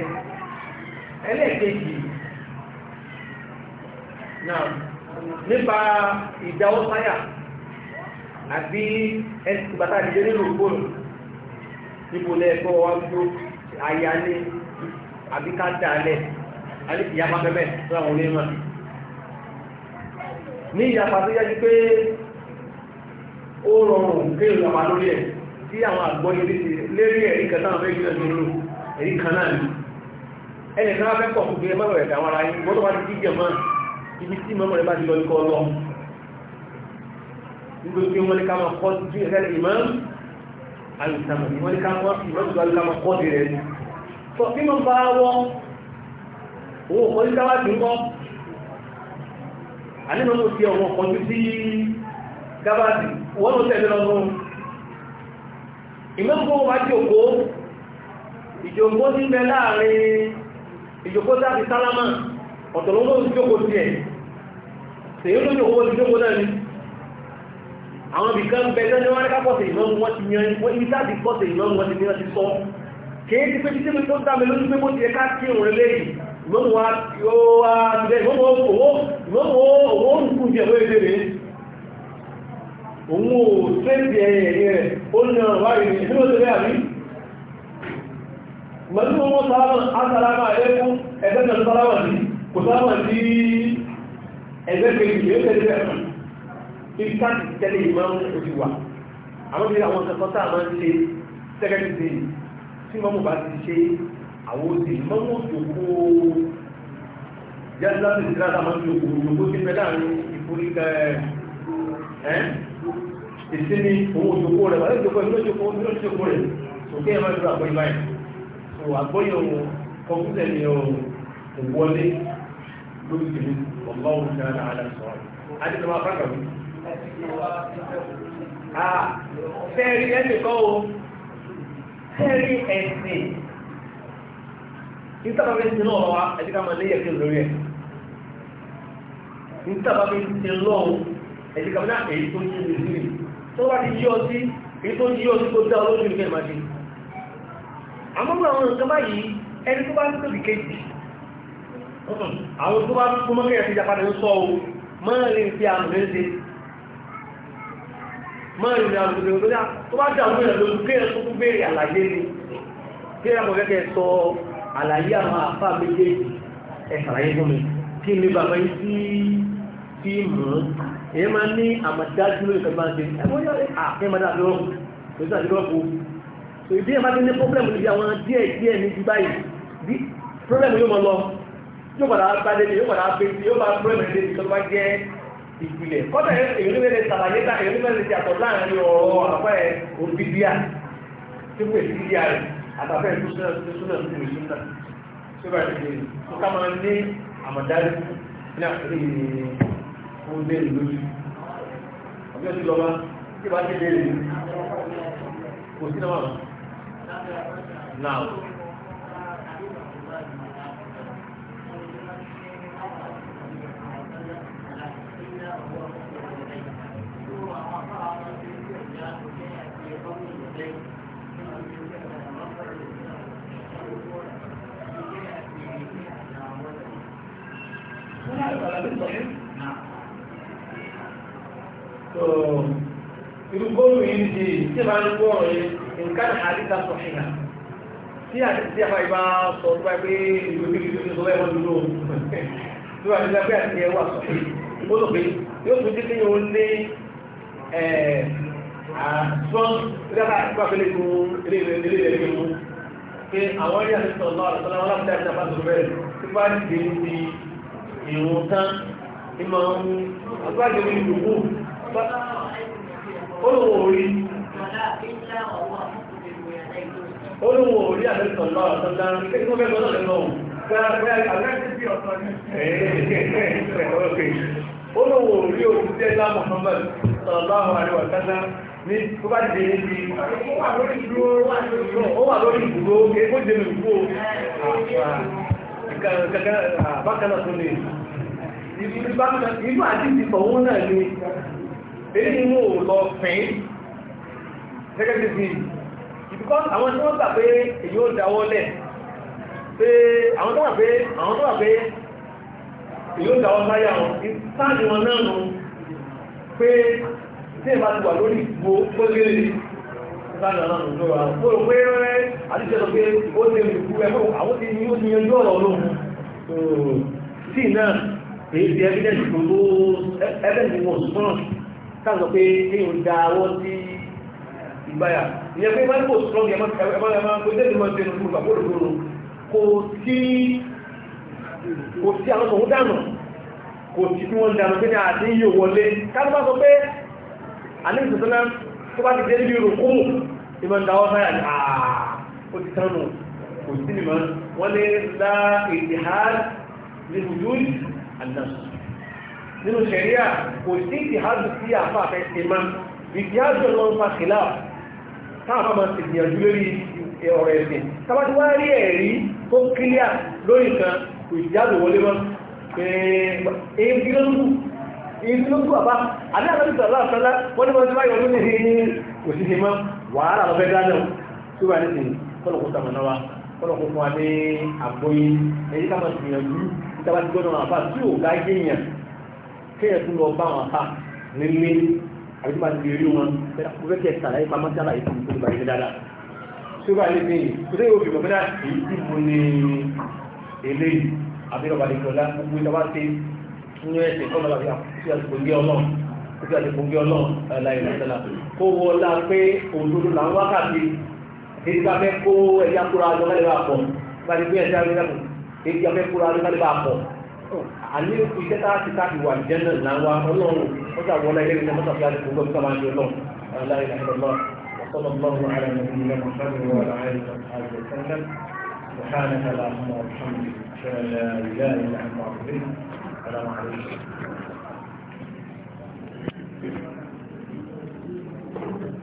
ẹlẹ́ẹ̀kejì náà nípa ìdáwọ́ sáyà àbí bàtà ìdílé nínú ògbóòrò níbo lẹ́ẹ̀kọ́ wa tó àyà ní àbí ká dàálẹ̀ ìyapa bẹ́bẹ̀ láwọn onímọ̀ ní ìyapa tó yájú pé ó rọrùn kéèrò àpá lórí ẹ̀ tí àwọn àgbọ́yé lérí ẹ̀rí kan táwọn fẹ́ gbìyànjú lò ẹ̀rí kan náà ni ẹni kan fẹ́ pọ̀ fún ẹmọ́ rẹ̀ dáwọn ara yìí mọ́tò bá ti jíjẹ mọ́ ibi tí mọ́mọ́ rẹ̀ bá ti lọ ikọ́ lọ nítorí pé wọ́n ní ká máa kọ́ sí ẹ̀rẹ́ ìmọ̀ alùsàmù wọ́n ní ká máa fi ìmọ̀ tuntun alùsàmù kọ́ sí rẹ̀ sọ tí mo bá wọ́ owó kọ́ sí dáwà sí ń ìmọ̀kó wa jòkó ìjòkó ti bẹ láàrin ìjòkó sáàbì sálámà ọ̀tọ̀lọ́gbọ́ ti jòkó tiẹ̀ tèyí ló jòkó ti jòkó náà ni àwọn ibìkan bẹ lẹ́nu wọn ká pọ̀sẹ̀ ìmọ̀ wọn ti yan wọ́n ibi sáàbì pọ̀sẹ̀ ìmọ̀ wọn ti ní ọtí sọ kìí ti pé títí mi tó dá mi lójú pé mo ti ẹ̀ka kí òun rẹ léyìí ìmọ̀ wọn wá ti bẹ́ẹ̀ ìmọ̀ wọn owó ìmọ̀ wọn owó òkú ti ẹ̀wọ́ ìbéèrè òun ò tẹ́sì ẹ̀yẹ ẹ̀yẹ rẹ̀ ó ní ọ̀rọ̀ wáyé ní ìlú òṣèré àbí mọ̀lú wọn sálámà ásálámà ẹ̀kún ẹgbẹ́ náà sálámà sí kò sálámà sí ẹgbẹ́ kejì lè tẹ̀lé bẹ́ẹ̀ ibi káàkiri tẹ́lẹ̀ yìí máa ń ojú wa àwọn bí a máa ń ṣe sẹ́kẹ́tì sí tí mọ́mù bá ti ṣe àwọn òsì mọ́mù ìsinmi owó ìjòkó rẹ̀ wọ́n ìjòkó ìlú ìjòkó ìlú ìjòkó rẹ̀ òkè ẹ̀mọ́ ìlú àgbọ́ ìbáyìí so àgbọ́yẹ̀ ohun kọmpútẹ̀ ni ohun wọlé lórí ìlú ọ̀gbọ́n òun ṣe ara àdá sọ̀rọ̀ adìsọ́mọ́ afẹ́kọ̀ mi. fẹ́ẹ̀rí ẹnìkan o fẹ́ẹ̀rí ẹ̀sìn nítorí àwọn ẹ̀sìn náà wá ẹ̀dí ká máa léyẹ̀ kí lórí ẹ̀ nítorí àwọn ẹ̀sìn náà ẹ̀sìn kàmínà èyí tó ní ìlú sí tó bá ti yíò sí èyí tó yíò sí tó dá olójú nìkẹ́ ìmáṣe àmọ́gbà àwọn nǹkan báyìí ẹni tó bá ń tóbi kéjì àwọn tó bá tó mọ́kẹ́ ẹ̀sìn japan ń sọ mọ́rin fi àmúrẹ́sẹ̀ mọ́rin fi àmúrẹ́sẹ̀ tó bá ni kéèyàn kò kẹ́kẹ́ sọ àlàyé àwọn àfáà méjèèjì ẹ̀ sàlàyé ni bàbá yìí sí fi mú èyí máa ní àmàdájú lórí ìfẹ́ máa ń ṣe ẹgbẹ́ yọ àfẹ́ máa dà lọ́wọ́ lórí àti lọ́pọ̀ so ìdí ẹ̀ máa ti ní pọ́blẹ́mù níbi àwọn díẹ̀ díẹ̀ ní ju báyìí bí pọ́blẹ́mù yóò mọ lọ yóò padà bá dé yóò padà bá dé yóò bá pọ́blẹ́mù dé ìjọ tó bá jẹ́ ìpìlẹ̀ kọ́tà èyí lè ṣàlàyé fún bẹ́ẹ̀rẹ̀ lójú ọjọ́ sí lọ́wọ́ tí bá ti bẹ́ẹ̀rẹ̀ kò sí náà náà irúgbóòrò yìí di tí máa ń gbọ́ ọ̀rọ̀ yìí nǹkan àdíta sọ ṣìnà tí àti tí àbá ìbá sọ tó bá pé ìlú kékeré tó ti sọ báyìí wọ́n dúró tó bá nígbà pé àti ẹ wà sọ ó lò pé yóò tún dé kéèyàn ó lé àtúwọ́n nígbà tó bá fẹ́lẹ́ fún ilé ilé ilé àwọn ilé àti sọ̀rọ̀ àtọ́lá wọn láti dáadáa bá sọ bẹ́ẹ̀ bá ti dé ní ìrùn tán ìmọ̀ ọ̀hún àtúwájú ìlú olówó orí olówó orí kí ni wọ́n fẹ́ gbọ́dọ̀ lẹ́nu ọ̀hún ní tó bá ó wà lórí jẹ́ èyí mú ò lọ fín gẹ́gẹ́ bí bí ìbíkọ́ àwọn tí wọ́n gbà pé èyí ó dáwọ́ lẹ̀ pé àwọn tó wà pé àwọn tó wà pé èyí ó dáwọ́ sáyà wọn ìsáàdì wọn náà nù pé tí ìbá ti wà lórí ìgbò ó lérè wọn náà nù lọ́wọ́ pé pé àwọn tí ó ọ̀rọ̀ káàkiri pé èèyàn da ọwọ́ sí ìgbáyà ìyẹn pé máa ń kò strong ẹ̀mọ́ ẹ̀mọ́ ẹ̀mọ́ pé déèdì máa ń tẹnu fún bàbá olùdóró kò sí kò sí àwọn tòun dànù kò sí kí wọ́n dànù pé ní àti iye wọlé káàkiri máa sọ pé àní ìsọ̀tọ́lá tó bá ti dé níbi irun kúmù ìmọ̀ ń dáwọ́ sáyà nínú ṣẹ̀ríà kò sí ìtìhádù sí àfà àfẹ́ ṣe máa ìtìhádù ọlọ́run fa kìlá táàfà máa ti gbìyànjú lórí ọ̀rọ̀ ẹ̀sìn tàbátí wá rí ẹ̀rí tó kílíà lórí nǹkan kò ìtìhádù wọlé mọ́ ìlúgbù àbá àbí àbájútó aláàfẹ́lá wọ́n ní wọ́n ti báyọ̀ lónìí ní òṣìṣẹ́ mọ́ wàhálà lọ́fẹ́ dáná tí wà ní sìn kọ́lọ̀kọ́ sàmọ̀nà wa kọ́lọ̀kọ́ fún wa ní àgbóyé ẹ̀yí ká máa gbìyànjú ìtàbátí gbọ́dọ̀ àbá tí ò gá yéèyàn kéèyàn tún lọ bá àwọn afá nílé àbí tó bá ti rí wọn mo fẹ́ kí ẹ sàlàyé pa máa sàlàyé fún mi tó bá yẹ dáadáa tó bá lè bẹ́yìn tó dé òfin mọ̀ bẹ́dà sí tí mo ní eléyìí àbí ọba nìkọlá gbogbo ìjọba ti ń yẹ ẹsẹ̀ kọ́ lọ́wọ́ sí àsìkò ń gé ọlọ́run sí àsìkò ń gé ọlọ́run láì lọ́sẹ̀lá kó wọlá pé òdodo là ń wákàtí èyí bá fẹ́ kó ẹ̀yà kúra lọ́kàlẹ́ bá bá ti gbé ẹ̀sẹ̀ àgbẹ̀dàkùn èyí bá fẹ́ kúra lọ́kàlẹ́ bá pọ̀ àní iṣẹ́ tá a ti ká fi wà jẹ́ náà láwa ọlọ́run mọ́tà wọlé ẹ̀rí náà mọ́tà fúláṣí gbogbo nǹkan máa ń yọ náà aláì àtọ́lọ́ وصلى الله على نبينا محمد وعلى اله وصحبه وسلم سبحانك اللهم وبحمدك اشهد ان لا اله الا انت استغفرك السلام عليكم